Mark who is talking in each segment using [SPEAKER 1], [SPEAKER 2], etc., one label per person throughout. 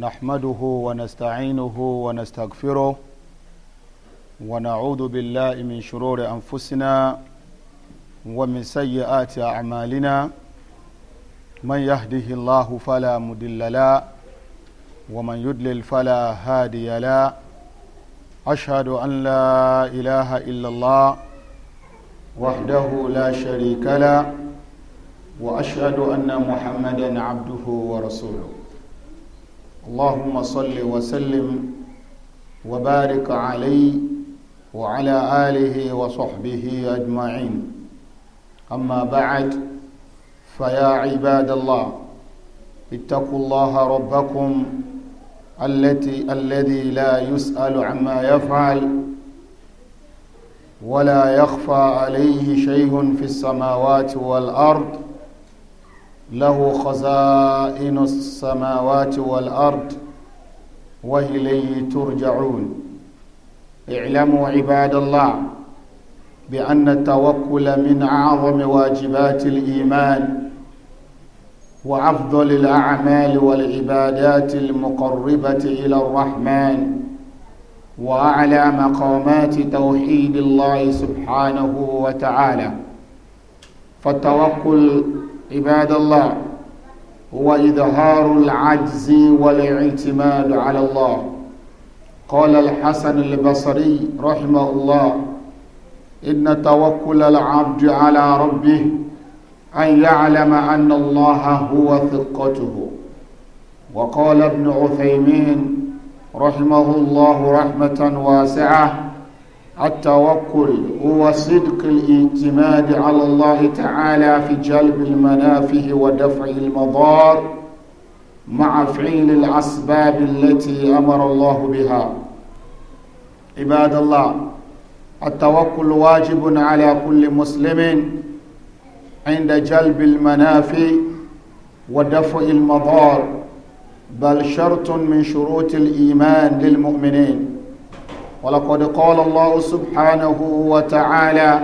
[SPEAKER 1] نحمده ونستعينه ونستغفره ونعوذ بالله من شرور أنفسنا ومن سيئات أعمالنا من يهده الله فلا مدل له ومن يدلل فلا هادي له أشهد أن لا إله إلا الله وحده لا شريك له وأشهد أن محمدا عبده ورسوله اللهم صل وسلم وبارك عليه وعلى آله وصحبه أجمعين أما بعد فيا عباد الله اتقوا الله ربكم التي الذي لا يسأل عما يفعل ولا يخفى عليه شيء في السماوات والأرض له خزائن السماوات والأرض وإليه ترجعون اعلموا عباد الله بأن التوكل من أعظم واجبات الإيمان وأفضل الأعمال والعبادات المقربة إلى الرحمن وأعلى مقامات توحيد الله سبحانه وتعالى فالتوكل عباد الله هو إظهار العجز والاعتماد على الله قال الحسن البصري رحمه الله إن توكل العبد على ربه أن يعلم أن الله هو ثقته وقال ابن عثيمين رحمه الله رحمة واسعة التوكل هو صدق الاعتماد على الله تعالى في جلب المنافع ودفع المضار مع فعل الأسباب التي أمر الله بها عباد الله التوكل واجب على كل مسلم عند جلب المنافع ودفع المضار بل شرط من شروط الإيمان للمؤمنين ولقد قال الله سبحانه وتعالى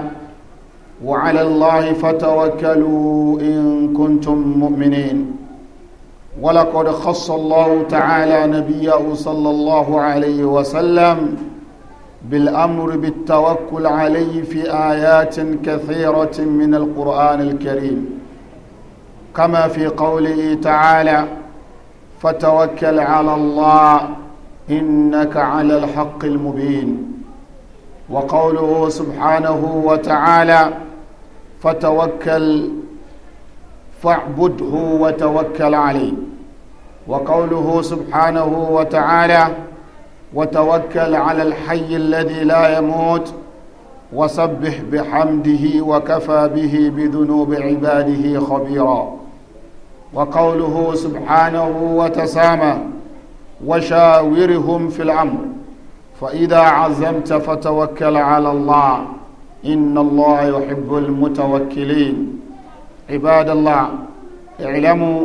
[SPEAKER 1] وعلى الله فتوكلوا إن كنتم مؤمنين ولقد خص الله تعالى نبيه صلى الله عليه وسلم بالأمر بالتوكل عليه في آيات كثيرة من القرآن الكريم كما في قوله تعالى فتوكل على الله إنك على الحق المبين وقوله سبحانه وتعالى فتوكل فاعبده وتوكل عليه وقوله سبحانه وتعالى وتوكل على الحي الذي لا يموت وسبح بحمده وكفى به بذنوب عباده خبيرا وقوله سبحانه وتسامى وشاورهم في الأمر فإذا عزمت فتوكل على الله إن الله يحب المتوكلين عباد الله اعلموا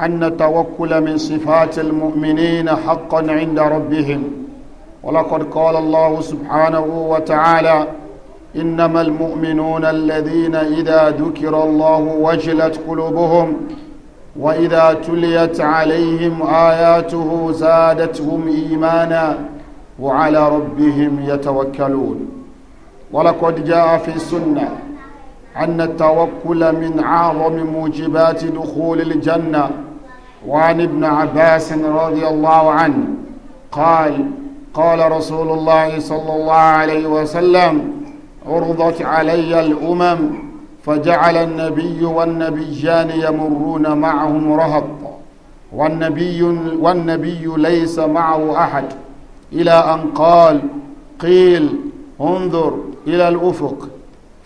[SPEAKER 1] أن التوكل من صفات المؤمنين حقا عند ربهم ولقد قال الله سبحانه وتعالى إنما المؤمنون الذين إذا ذكر الله وجلت قلوبهم وإذا تليت عليهم آياته زادتهم إيمانا وعلى ربهم يتوكلون ولقد جاء في السنة أن التوكل من أعظم موجبات دخول الجنة وعن ابن عباس رضي الله عنه قال قال رسول الله صلى الله عليه وسلم عرضت علي الأمم فجعل النبي والنبيان يمرون معهم رهط والنبي, والنبي ليس معه أحد إلى أن قال قيل انظر إلى الأفق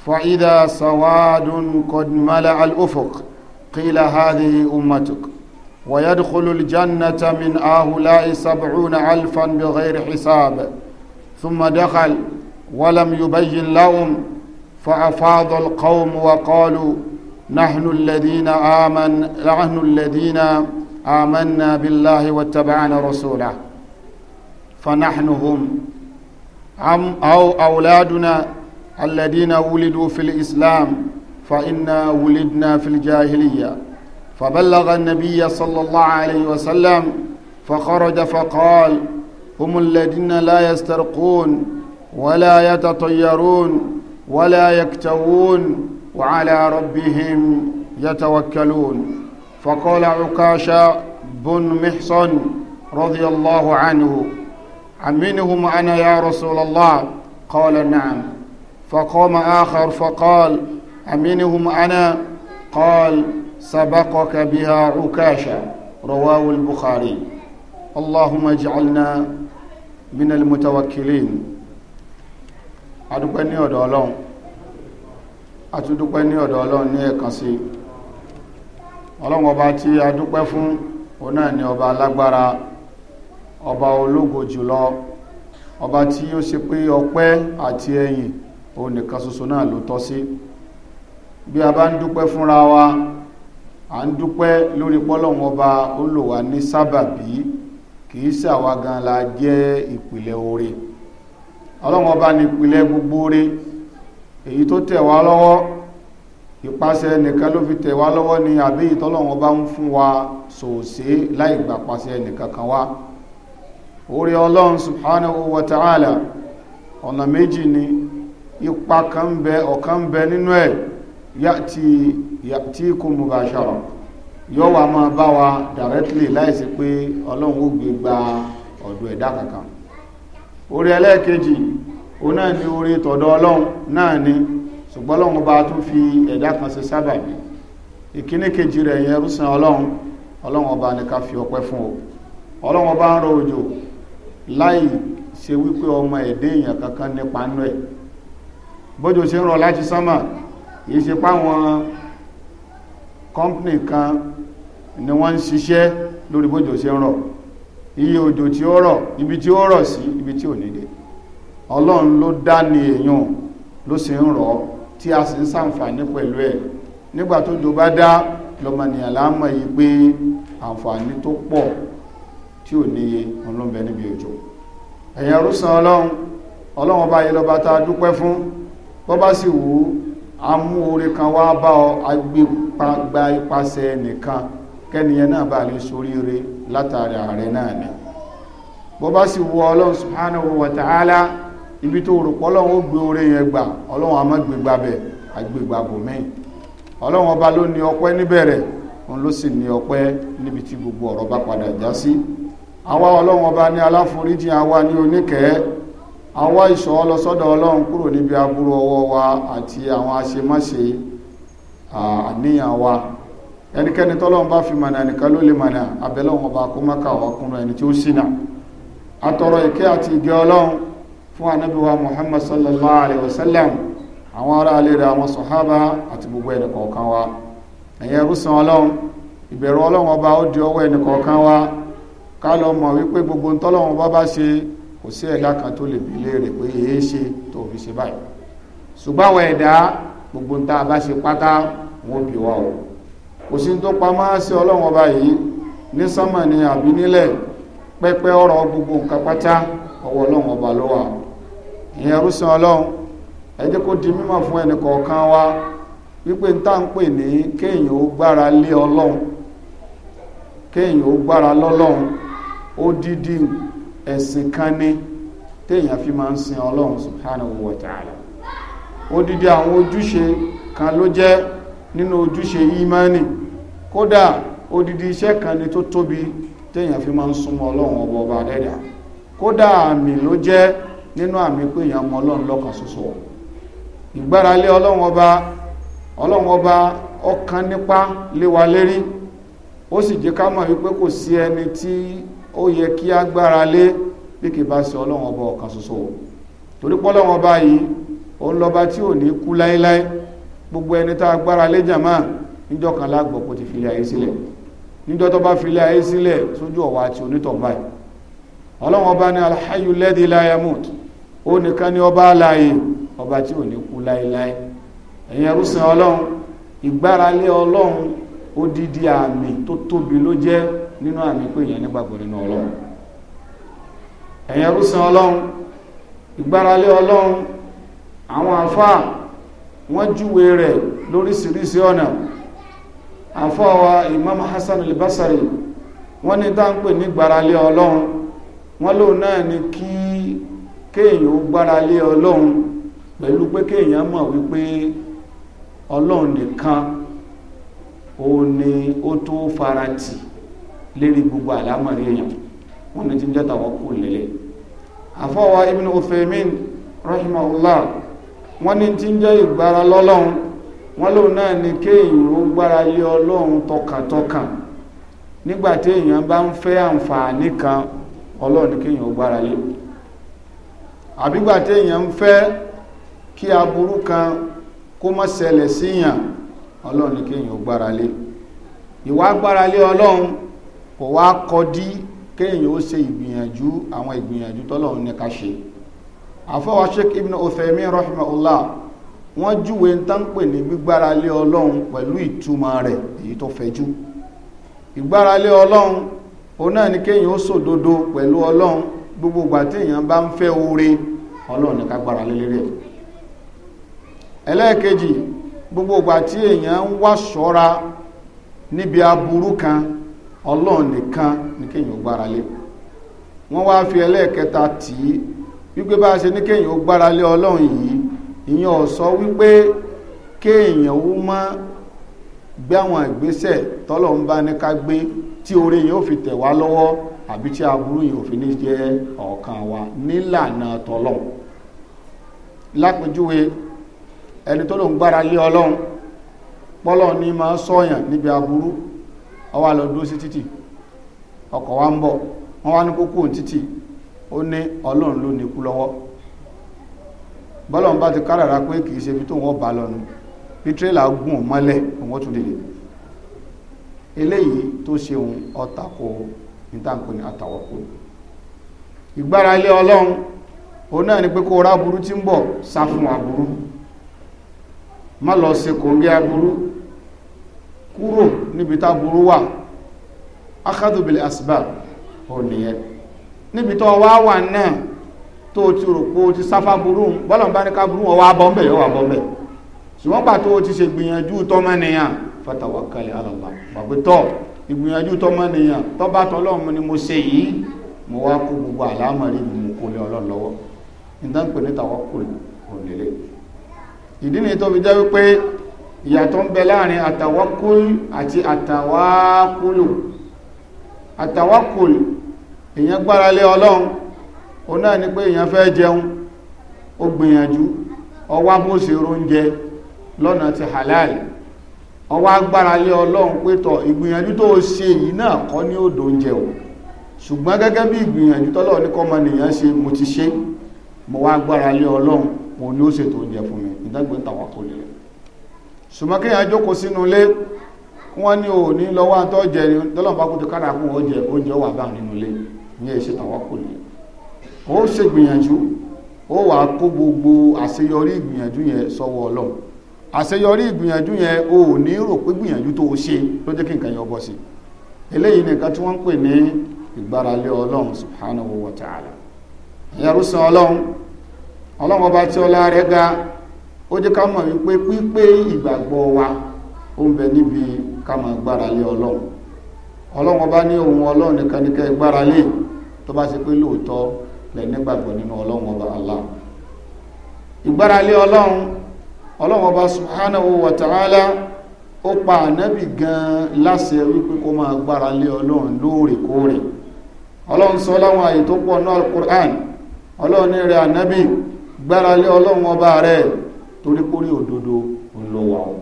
[SPEAKER 1] فإذا سواد قد ملأ الأفق قيل هذه أمتك ويدخل الجنة من هؤلاء سبعون ألفا بغير حساب ثم دخل ولم يبين لهم فأفاض القوم وقالوا نحن الذين آمن نحن الذين آمنا بالله واتبعنا رسوله فنحن هم أم أو أولادنا الذين ولدوا في الإسلام فإنا ولدنا في الجاهلية فبلغ النبي صلى الله عليه وسلم فخرج فقال هم الذين لا يسترقون ولا يتطيرون ولا يكتوون وعلى ربهم يتوكلون فقال عكاشة بن محصن رضي الله عنه عمنهم أنا يا رسول الله قال نعم فقام آخر فقال أمنهم أنا قال سبقك بها عكاشة رواه البخاري اللهم اجعلنا من المتوكلين adúpẹ́ ní ọ̀dọ̀ ọlọ́run atúdúpẹ́ ní ọ̀dọ̀ ọlọ́run ní ẹ̀kan sí ọlọ́run ọba tí adúpẹ́ fún òun náà ni ọba alágbára ọba ológo jùlọ ọba tí ó ṣe pé ọpẹ́ àti ẹ̀yìn òun nìkan ṣoṣo náà ló tọ́ sí bí a bá ń dúpẹ́ fúnra wa à ń dúpẹ́ lórí pọ́lọ́run ọba ó lò wá ní sábàbí kì í ṣàwa gan la jẹ́ ìpìlẹ̀ oore ọlọ́wọ́ bá ní ìpìlẹ̀ gbogbo rẹ̀ èyí tó tẹ̀ lọ́wọ́ ìpasẹ̀ nìkan ló fi tẹ̀ lọ́wọ́ ni àbí ìtọ́lọ́wọ́ bá ń fún wa sòòsé láì gbà pasẹ̀ nìkan kan wá orí ọlọ́run subhanahu wa ta'ala ọ̀nà méjì ni ipa kan bẹ ọ̀kan bẹ nínú ẹ̀ máa bá wa directly láìsí pé ọlọ́run ó orí ẹlẹ́ẹ̀kejì o náà ni orí tọ̀dọ̀ ọlọ́run náà ni ṣùgbọ́n ọlọ́run bá tún fi ẹ̀dá kan sábà sábàbí ìkíní kejì rẹ̀ yẹn rúsan ọlọ́run ọlọ́run ọba ní ká fi ọpẹ́ fún o ọlọ́run ọba ń rọ òjò láì ṣe wípé ọmọ ẹ̀dẹ́ èèyàn kankan nípa nú ẹ̀ ṣe ń rọ láti sánmà yìí ṣe páwọn kan ni wọ́n ń lórí ṣe iye òjò tí ó rọ̀ ibi tí ó rọ̀ sí ibi tí ò ní dé ọlọ́run ló dá ní èèyàn ló sì ń rọ̀ tí a sì ń ṣàǹfààní pẹ̀lú ẹ̀ nígbà tó jò bá dá lọ́mọnìyàn láàmọ̀ yìí pé àǹfààní tó pọ̀ tí ò níye ọlọ́mbẹ níbi òjò ẹ̀yìn arúsàn ọlọ́run ọlọ́run ọba yìí lọ́ba tá a dúpẹ́ fún bọ́ bá sì wù ú amú oore kan wá bá ọ agbépa gba ipasẹ̀ nìkan kẹ́niyẹn náà bá lè soríire látàrí ààrẹ náà ni bó bá sì wọ ọlọ́run subhanahu wa ta'ala ibi tó rò pọ́lọ́run ó gbé oore yẹn gbà ọlọ́run àmọ́ gbégbá bẹ̀ àgbégbá bòmíì ọlọ́run ọba ló ní ọpẹ́ níbẹ̀rẹ̀ òun ló sì ní ọpẹ́ níbi tí gbogbo ọ̀rọ̀ bá padà já sí àwa ọlọ́run ọba ní aláforíjì àwa ní oníkẹ́ àwa ìṣọ́ ọlọ́sọ́dọ̀ ọlọ́run kúrò níbi aburú ọwọ́ wa àti àwọn àṣemáṣe àníyàn wa ẹnikẹ́ni tọ́lọ́run bá fi mọ̀nà nìkan ló lè mọ̀nà abẹ́lọ́run ọba kó má kà wá kúnra ẹni tí ó ṣìnà atọrọ ìkẹ́ àti ìgẹ́ ọlọ́run fún ànábì muhammad sallallahu alaihi wasallam àwọn ará alẹ́ rẹ̀ àwọn sọ̀hábà àti gbogbo ẹni wa ẹ̀yẹ rúsan ọlọ́run ìbẹ̀rù ọlọ́run ọba ó di ọwọ́ ẹni wa ká lọ mọ̀ wípé gbogbo ntọ́lọ́run ọba bá ṣe kò sí ẹ̀dá kan tó lè bi léèrè pé èé ṣe tó fi ṣe báyìí ṣùgbọ́n àwọn ẹ̀dá gbogbo ntá bá ṣe pátá wọn bí wa o kò si tó pamọ́ sí ọlọ́run ọba yìí ní sánmà ni àbí nílẹ̀ pẹ́pẹ́ ọ̀rọ̀ gbogbo nǹkan pátá ọwọ́ ọlọ́run ọba ló wà ìyẹn rúsan ọlọ́run ẹ kó di mímọ̀ fún ẹnì kọ̀ọ̀kan wa wípé ń tá ń pè ní kéèyàn ó gbára lé ọlọ́run kéèyàn ó gbára lọ́lọ́run ó dídí ẹ̀sìn kan ní téèyàn fi máa ń sin ọlọ́run subhanahu nínú ojúṣe ìmánì kódà odidi iṣẹ́ kan ni tó tóbi téèyàn fi máa ń súnmọ́ ọlọ́run ọba ọba dẹ́dà kódà àmì ló jẹ́ nínú àmì pé èèyàn mọ ọlọ́run lọ́kàn ṣoṣo ìgbáralé ọlọ́run ọba ọlọ́run ọba ọkàn nípa léwa lérí ó sì jẹ́ ká mọ̀ wípé kò sí ẹni tí ó yẹ kí á gbára lé bí kì bá ṣe ọlọ́run ọba ọ̀kan ṣoṣo torí pé ọba yìí òun lọ́ba tí ò ní kú láéláé gbogbo ẹni tá a lé jàmá kan lágbọ̀ kó ti filẹ̀ ayé sílẹ̀ níjọ́ tó bá filẹ̀ ayé sílẹ̀ sójú ọ̀wà àti ọlọ́wọ́n ọba ní alhayu lẹ́dí láyamut ó nìkan ní ọba ọba tí ò kú odidi àmì tó tóbi ló jẹ́ nínú àmì pé èèyàn nígbàgbọ́ nínú ọlọ́run ẹrúsìn wọ́n júwe rẹ̀ lóríṣiríṣi ọ̀nà àfọwà imam hasan al-basari wọ́n ní dáńpẹ̀ ní gbáralé ọlọ́run wọ́n lóun náà ni kí kéèyàn ó gbáralé ọlọ́run pẹ̀lú pé kéèyàn mọ̀ wípé ọlọ́run nìkan ó ní ó tó farati lérí gbogbo àlámọ̀rí èèyàn wọ́n ní ti ń jẹ́ tàwọn kù lélẹ̀ àfọwà ibn uthaymin rahimahullah wọ́n ní tí ń jẹ́ ìgbára lọ́lọ́run wọ́n lòun náà ni kéèyàn ó gbára lé ọlọ́run tọkàntọkàn nígbà tí èèyàn bá ń fẹ́ àǹfààní kan ọlọ́run ni kéèyàn ó gbára lé àbígbà tí èèyàn ń fẹ́ kí aburú kan kó má ṣẹlẹ̀ síyàn ọlọ́run ni kéèyàn ó gbára lé ìwà gbára lé ọlọ́run kò wá kọdí kéèyàn ó ṣe ìgbìyànjú àwọn ìgbìyànjú tọ́lọ́run ní ká ṣe àfọwà sheikh ibn Uthaymin rahimahullah wọ́n júwe ń tán pè ní gbígbára lé ọlọ́run pẹ̀lú ìtumọ̀ rẹ̀ èyí tó fẹ̀jú ìgbára lé ọlọ́run òun náà ni kéèyàn ó sòdodo pẹ̀lú ọlọ́run gbogbo ìgbà tí èèyàn bá ń fẹ́ oore ọlọ́run ní ká gbára lé lérí ẹ̀ ẹlẹ́ẹ̀kejì gbogbo ìgbà tí èèyàn ń wá ṣọ́ra níbi aburú kan ọlọ́run nìkan ni kéèyàn ó gbára lé wọ́n wá fi ẹlẹ́ẹ̀kẹta tì wípé bá a ṣe ní kéèyàn ó gbára lé ọlọ́run yìí ìyẹn ò sọ wípé kéèyàn ó mọ́ gbé àwọn ìgbésẹ̀ tọlọ ń bá ní ká gbé tí oore yìí ó fi tẹ̀ wá lọwọ àbí tí aburú yìí ò fi ní jẹ ọ̀kan wa nílànà tọlọ. lápèjúwe ẹni tó ló ń gbára lé ọlọ́run pọ́lọ̀ ní máa sọ́yàn níbi aburú ó wá lọ dúró sí títì ọkọ̀ wa ń bọ̀ wọ́n wá ní kókó títì ó ní ọlọ́run ló níkú lọ́wọ́ bọ́lọ̀n bá ti kárara pé kìí ṣe ibi tó wọ́n bá lọ́nu bí tírélà gùn ún mọ́lẹ̀ òun tún dìde eléyìí tó ṣe òun ní ìgbára ilé ọlọ́run òun náà ni pé kó ra burú tí ń bọ̀ sá fún aburú má lọ aburú kúrò níbi níbi tó wá wà náà tó o ti rò pé o ti sáfà burú bọ́lọ̀ bá ní ká burú wọn wá bọ́ mbẹ̀ yóò wá bọ́ mbẹ̀ ṣùgbọ́n pàtó o ti ṣe gbìyànjú tọ́mọ́nìyàn fatawakkali ala Allah bàbá tọ́ ìgbìyànjú tọ́mọ́nìyàn tọ́ba tọ́lọ́run ni mo ṣe yìí mo wá kó gbogbo àlámọ̀rí mi mo kó lé Ọlọ́run nígbà pé ní tawakkul òlélé ìdí ni tó jẹ́ wípé ìyàtọ̀ ń bẹ láàrin àtàwákùl àti àtàwákùlù àtàwákùlù èyàn gbára lé ọlọ́run o náà ni pé èyàn fẹ́ jẹun ó gbìyànjú ọwá bó ṣe róúnjẹ lọ́nà ti halal ọwá gbára lé ọlọ́run pé tọ̀ ìgbìyànjú tó ṣe yìí náà kọ́ ní òdò oúnjẹ o ṣùgbọ́n gẹ́gẹ́ bí ìgbìyànjú tọ́lọ̀ ní kọ́mọ nìyàn ṣe mo ti ṣe mo wá gbára lé ọlọ́run mo ní ó ṣètò oúnjẹ fún mi ìdágbẹ́ tàwa kò lè ṣùgbọ́n kéèyàn jókòó sínú wọ́n ní òní lọ́wọ́ àtọ́jẹ ni tọ́lọ́mùbákùtù kára fún oúnjẹ oúnjẹ wà bá nínú ilé ní ẹ̀ṣẹ́ tàwákùlù o ó ṣe gbìyànjú ó wà kó gbogbo àṣeyọrí ìgbìyànjú yẹn sọ́wọ́ ọlọ́run àṣeyọrí ìgbìyànjú yẹn o ò ní rò pé gbìyànjú tó o ṣe ló jẹ́ kí nǹkan yẹn bọ́ sí eléyìí nìkan tí wọ́n ń pè ní ìgbáralé ọlọ́run ga ó jẹ́ ká mọ̀ wípé pípé ìgbàgbọ́ wa ó ń bẹ níbi ká ọlọ́run ọlọ́run tó bá ṣe pé lóòótọ́ lẹ nígbàgbọ́ nínú ọlọ́run ọba Allah ìgbáralé ọlọ́run ọlọ́run ọba subhanahu wa ta'ala ó pa ànábì gan láṣẹ wípé kó máa gbáralé ọlọ́run lóòrèkóòrè ọlọ́run sọ láwọn àyè tó pọ̀ náà Qur'an ọlọ́run ní rẹ̀ ànábì gbáralé ọlọ́run ọba rẹ̀ torí kórí òdodo olówà ọ̀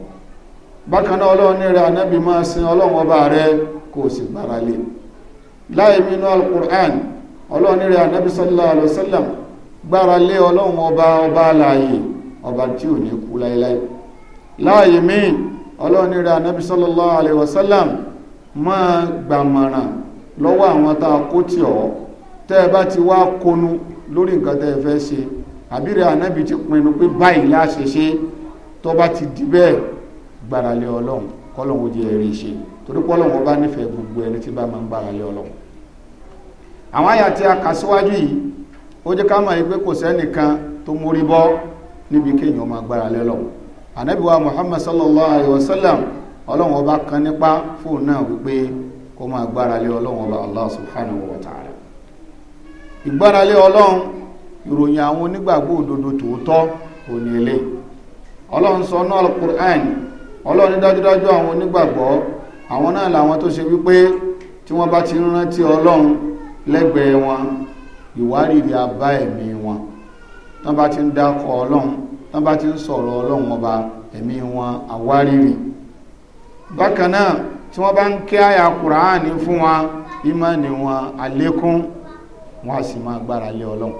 [SPEAKER 1] bákanáà ọlọ́run rẹ̀ ànábì máa sin ọlọ́run ọba rẹ̀ kó o sì gbáralé láì mínú al ọlọ́run ní rẹ̀ anábì sallallahu alaihi wasallam gbára lé ọlọ́run ọba ọba láàyè ọba tí ò ní kú láíláí láàyè míì ọlọ́run rẹ̀ anábì sallallahu alaihi wasallam máa gbàmọ̀ràn lọ́wọ́ àwọn tá a kó tì ọ́ tẹ́ ẹ bá ti wá konu lórí nǹkan tẹ́ ẹ fẹ́ ṣe àbí rẹ̀ anábì ti pinnu pé báyìí láṣẹ ṣe tó bá ti di bẹ́ẹ̀ gbára lé ọlọ́run kọ́lọ́run ó jẹ́ ẹ̀rí ṣe torí kọ́lọ́run ọba nífẹ̀ẹ́ gbogbo ẹni tí bá máa ń gbára lé ọlọ́run àwọn àyà tí a kà síwájú yìí ó jẹ́ ká mọ̀ yìí kò sẹ́nìkan tó mórí bọ́ níbi kéèyàn ọmọ agbára lẹ́lọ ànábìwá Muhammad sallallahu alayhi wa sallam ọlọ́run ọba kan nípa fóun náà wípé kó máa gbára lé ọlọ́run ọba Allah subhanahu wa ta'ala ìgbára lé ìròyìn àwọn onígbàgbọ́ òdodo tòótọ́ ilé ọlọ́run sọ náà àwọn onígbàgbọ́ ti rántí lẹ́gbẹ̀ẹ́ wọn ìwárìrì abá ẹ̀mí wọn tán bá ti ń dákọ̀ ọlọ́run tán bá ti ń sọ̀rọ̀ ọlọ́run ọba ẹ̀mí wọn àwárìrì bákan náà tí wọ́n bá ń kí àyà kùránì fún wọn ìmánì wọn àlékún wọn a sì máa gbára lé ọlọ́run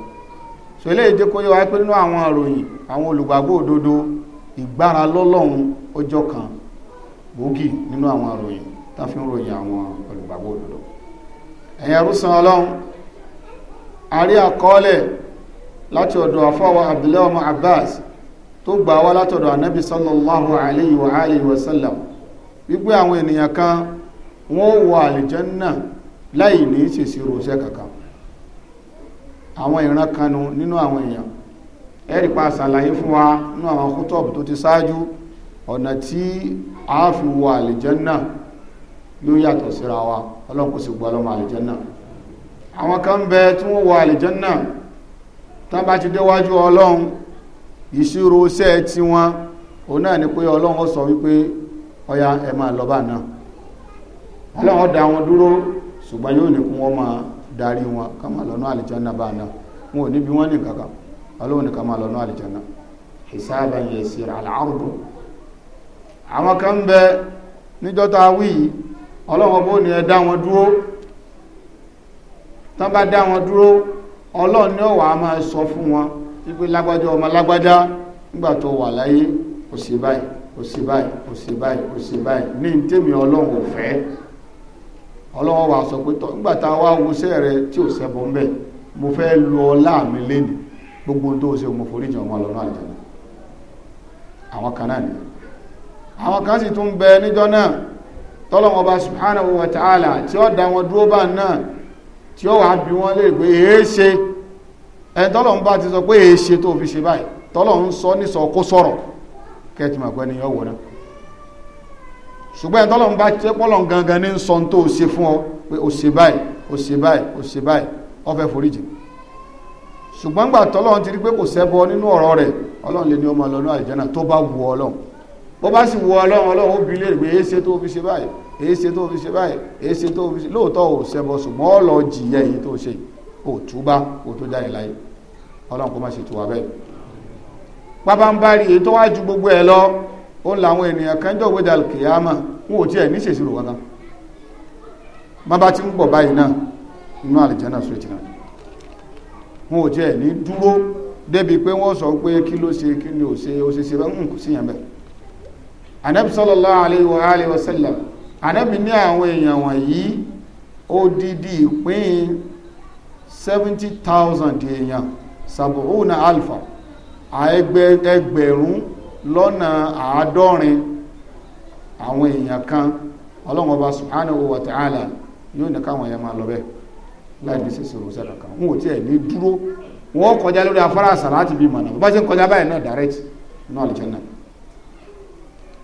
[SPEAKER 1] so eléyìí jẹ́ kó yé wa pé nínú àwọn ìròyìn àwọn olùgbàgbọ́ òdodo ìgbára lọ́lọ́run ọjọ́ kan gbòógì nínú àwọn ìròyìn tá fi ń ròyìn àwọn olùgbàgbọ́ òdodo ẹ̀yìn arúsàn ọlọ́run àrí àkọọ́lẹ̀ láti ọ̀dọ̀ àfọwọ́ Abdullahi ọmọ Abbas tó gbà wá látọ̀dọ̀ ànábì sallallahu alayhi wa alayhi wa sallam wípé àwọn ènìyàn kan wọ́n wọ àlìjẹ́nnà láì ní ṣèṣì ròṣẹ́ kankan àwọn ìran kanu nínú àwọn èèyàn ẹ̀rì pa ṣàlàyé fún wa nínú àwọn kútọ́ọ̀bù tó ti ṣáájú ọ̀nà tí a fi wọ àlìjẹ́nnà ló yàtọ̀ síra wa. ọlọ́run kò sì gbọ́ ọlọ́mọ àlìjẹ́nà àwọn kan bẹ tí wọ́n wọ àlìjẹ́nà tán bá ti déwájú ọlọ́run ìṣirò iṣẹ́ tí wọ́n náà ni pé ọlọ́run sọ wípé ọya ẹ máa lọ náà ọlọ́run dá wọn dúró ṣùgbọ́n yóò ní kún máa darí wọn ká máa lọ́nà àlìjẹ́nà bá náà wọn ò níbi ní ọlọ́run bó ní ẹ dá wọn dúró tán bá dá wọn dúró ọlọ́run ní ọ̀wà máa sọ fún wọn wípé lágbájá ọmọ lágbájá nígbà tó wà láyé kò sí báyìí kò sí báyìí kò sí báyìí kò sí báyìí ní tèmi ọlọ́run ò fẹ́ ọlọ́run wà sọ pé tọ́ nígbà wá wọṣẹ́ rẹ tí ò sẹ́bọ̀ ń bẹ̀ mo fẹ́ lu ọlá mi lénìí gbogbo tó ṣe mo foríjì ọmọ lọ́nà àjẹ́nà àwọn kan náà ni àwọn kan sì tún bẹ níjọ́ náà tọ́lọ́wọ́n ọba subhanahu wa ta'ala tí ó dá wọn dúró bá náà tí ó wà bí wọ́n lè gbé èé ṣe ẹni tọ́lọ́wọ́n bá ti sọ pé èé ṣe tó fi ṣe báyìí tọ́lọ́wọ́n sọ nísọ kó sọ̀rọ̀ kẹ́tì màgbẹ́ ni yọ wọ̀ náà ṣùgbọ́n ẹni tọ́lọ́wọ́n bá ti pọ́lọ̀ gangan ní sọ bó bá sì wo ọlọ́run ọlọ́run ó bi léèrè pé èéṣe tó fi ṣe báyìí èéṣe tó fi ṣe báyìí èéṣe tó fi ṣe lóòótọ́ ò ṣẹbọ ṣùgbọ́n ọ lọ jìyà èyí tó ṣe ò túbá ò tó jáde láyé ju gbogbo ẹ lọ ó ń làwọn ènìyàn kan jọ gbẹdà kìyàmà wọn ò tiẹ̀ ní wọn ń báyìí náà inú àlìjánà sọ wọn ò ní anabi sallallahu alayhi wa alayhi wa sallam anabi ní àwọn èèyàn wọ̀nyí odidi ìpín 70,000 èèyàn sabuuna alfa ẹgbẹ̀rún lọ́nà àádọ́rin àwọn èèyàn kan ọlọ́run ọba subhanahu wa ta'ala yóò ní káwọn èèyàn máa lọ bẹ́ẹ̀ láì ní sísè rò sẹ́lẹ̀ kan wọn ò tí ẹ̀ ní dúró wọn kọjá lórí afárá àsàlá láti bí mọ̀nà bá ṣe ń kọjá báyìí náà direct náà àlùjànnà náà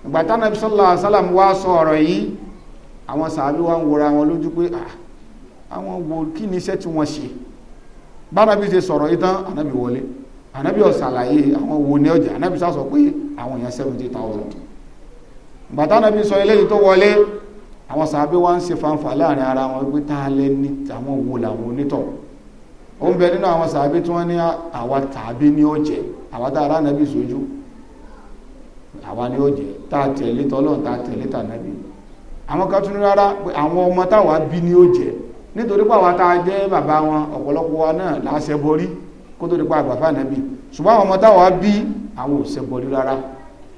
[SPEAKER 1] ìgbàtà nàbí sallallahu alaihi wasallam wá sọ ọ̀rọ̀ yìí àwọn sàábí wa ń wòra wọn lójú pé ah, àwọn wo kí ni iṣẹ́ tí wọ́n ṣe bánabi ṣe sọ̀rọ̀ yìí tán ànábì wọlé ànábì ó ṣàlàyé àwọn wo ní ọjà ànábì sá pé àwọn èèyàn seventy thousand ìgbàtà nàbí sọ eléyìí tó wọlé àwọn sàábí wa ń ṣe fanfà láàrin ara wọn pé tá a lẹ ní àwọn wo làwọn onítọ̀ ó ń bẹ nínú àwọn sàábí tí wọ́n ní àwa tàbí ní ọ̀jẹ̀ àwa tá a rá sójú àwa ni ó jẹ tá a tẹ̀lé tọ́lọ́n tá a tẹ̀lé tànàbí àwọn kan tún rárá pé àwọn ọmọ táwa bí ni ó jẹ nítorí pé àwa tá a jẹ́ bàbá wọn ọ̀pọ̀lọpọ̀ wa náà là á ṣe borí kó tó di pa àgbàfà nàbí ṣùgbọ́n àwọn ọmọ táwa bí àwọn ò ṣe borí rárá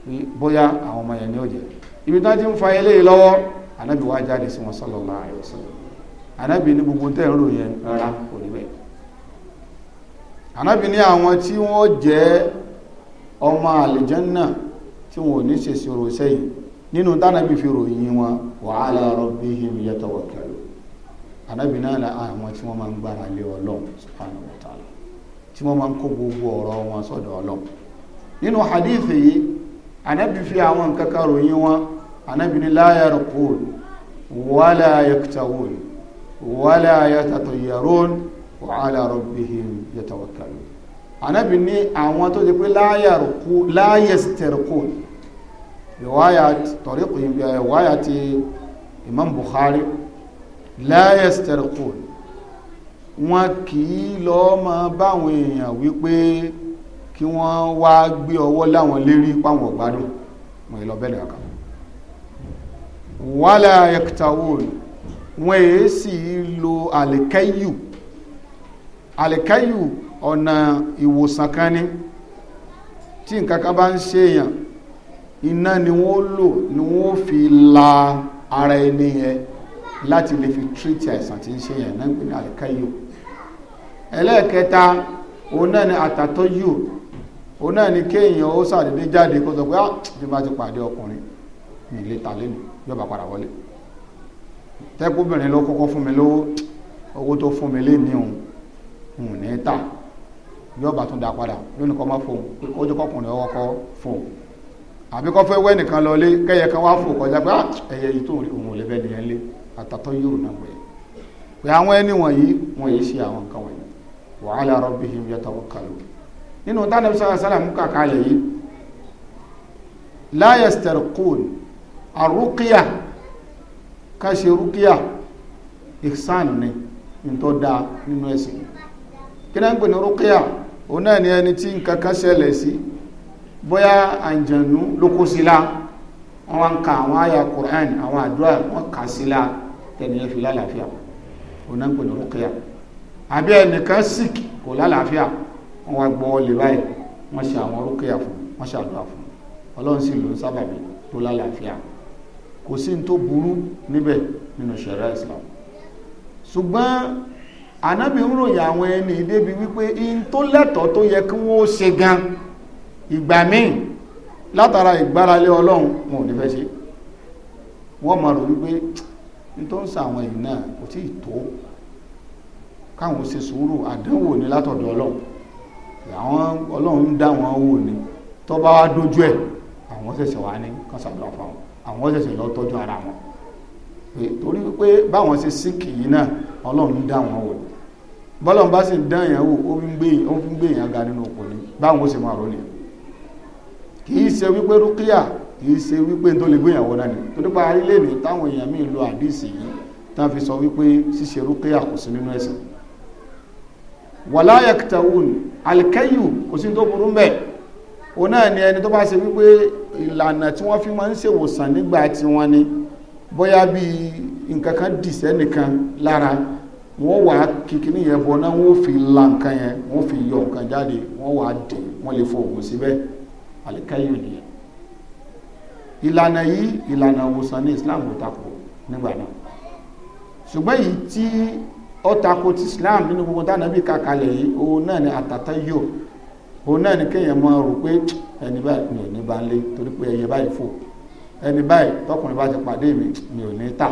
[SPEAKER 1] pé bóyá àwọn ọmọ yẹn ni ó jẹ ibi tí wọ́n ti ń fa eléyìí lọ́wọ́ ànábì wa jáde sí wọn sallallahu alaihi wasallam ànábì ní gbogbo tẹ́ ń rò yẹn rárá kò rí bẹ́ẹ̀ ànábì ní àwọn tí wọ́n jẹ́ ọmọ àlìjànnà tí wọn ò ní ṣe sí ọ̀rọ̀ sẹ́yìn nínú tánàbí fi ròyìn wọn wa ala rabbihim yatawakkalun ànábì náà la àwọn tí wọ́n máa ń gbára lé ọlọ́run subhanahu wa ta'ala tí wọ́n máa ń kó gbogbo ọ̀rọ̀ wọn sọ́dọ̀ ọlọ́run nínú hadithi yìí ànábì fi àwọn nǹkan kan ròyìn wọn ànábì ní la yarqun wala yaktawun wala yatatayyarun wa ala rabbihim yatawakkalun ànábì ní àwọn tó ti pé la yarqun la yastarqun riwaya tariqu riwaya ti imam bukhari la yastarqun wọn kì í lọ máa báwọn èèyàn wípé kí wọ́n wá gbé ọwọ́ láwọn lérí páwọn ọ̀gbádùn wọ́n yìí lọ bẹ́ẹ̀ lẹ́ka wala yaktawun wọ́n èé sì lo àlìkẹ́yù àlìkẹ́yù ọ̀nà ìwòsàn kan ní tí nǹkan kan bá ń ṣe iná ni wọ́n lò ni wọ́n fi la ara ẹni yẹn láti lè fi tírítì àìsàn tí ń ṣe yẹn náà ń pè ní àlìkáyò ẹlẹ́ẹ̀kẹta òun náà ni àtàtọ́ òun náà ni kéèyàn ó sàdédé jáde kó sọ pé ah, bá ti pàdé ọkùnrin mi lè ta yọba padà wọlé tẹ́kùbìnrin ló kọ́kọ́ fún mi lówó owó tó fún mi òun òun ní ta yọba tún padà lónìí kọ́ àbí kọ́ fẹ́ wẹ́ nìkan lọlé kẹ́yẹ kan wá fò kọjá pé ah, ẹ̀yẹ yìí tó ń rí òun ò lè bẹ́ẹ̀ nìyẹn lé àtàtọ́ yóò náà wẹ̀ pé àwọn ẹni wọ̀nyí wọ́n yìí ṣe àwọn nǹkan wọ̀nyí wa ala rabbihim yatawakkalun nínú tánàbí sọ́lá sálàmù kàkà lè yí la yastarqun àrúkíyà ká rúkíyà ihsan ni ní tó nínú ẹ̀sìn kí náà ń bóyá àjànú ló kó sí la wọ́n wá ń ka àwọn àyà Qur'an àwọn àdúrà wọ́n kà sí la tẹ̀lé fi lálàáfíà òun náà ń pè ní rúkìá àbí ẹnìkan sick kò lálàáfíà wọ́n wá gbọ́ lè báyìí wọ́n ṣe àwọn rúkìá fún wọ́n ṣe àdúrà fún ọlọ́run sì ló ń sábàbí tó lálàáfíà kò sí ní tó burú níbẹ̀ nínú ṣẹ̀rá Islam ṣùgbọ́n ànábì ròyìn àwọn ẹni débi wípé in tó lẹ́tọ̀ọ́ tó yẹ kí wọ́n ó ṣe gan-an ìgbà míì látara ìgbáralé ọlọ́run wọn ò ní fẹ́ ṣe wọ́n máa rò wípé nítorí ń sa àwọn èyí náà kò tí ì tó káwọn ṣe sùúrù àdánwò ní látọ̀dọ̀ ọlọ́run àwọn ọlọ́run ń dá wọn wò ní tó bá wá dójú ẹ̀ àwọn ṣẹ̀ṣẹ̀ wá ní kọ́sàdúrà fún àwọn àwọn ṣẹ̀ṣẹ̀ lọ tọ́jú ara wọn torí pé báwọn ṣe síkì yìí náà ọlọ́run ń dá wọn wò bọ́lọ́run bá sì dán èèyàn wò ó fi ń gbé èèyàn ga nínú òkú ni báwọn ó máa rò nìyẹn kìí ṣe wípé rúkíà kìí ṣe wípé tó lè gbéyàwó náà ni tó nípa ilé ní táwọn èèyàn míì lo àdísì yìí tán fi sọ wípé ṣíṣe rúkíà kò sí nínú ẹ̀sìn wàlá yaktawun alkayu kò sí tó burú mbẹ̀ òun náà ni ẹni tó bá ṣe wípé ìlànà tí wọ́n fi máa ń ṣèwòsàn nígbà tí wọ́n ni bóyá bí nǹkan kan dì sẹ́nìkan lára wọ́n wà kìkìní yẹn bọ̀ náà wọ́n fi la nǹkan yẹn wọ́n fi yọ nǹkan jáde wọ́n wà dì wọ́n lè fọ òògùn síbẹ̀ alikẹ́yìn nìyẹn ìlànà yìí ìlànà òwòsàn ní Islam ò takò nígbà náà ṣùgbọ́n èyí tí ó takò ti Islam nínú gbogbo tánàbí kakalẹ̀ yìí òun náà ni àtàtà yóò òun náà ni kéèyàn máa rò pé ẹni báyìí mi ò ní bá ń lé torí pé ẹyẹ báyìí fò ẹni báyìí tọkùnrin bá ti pàdé mi mi ò ní tà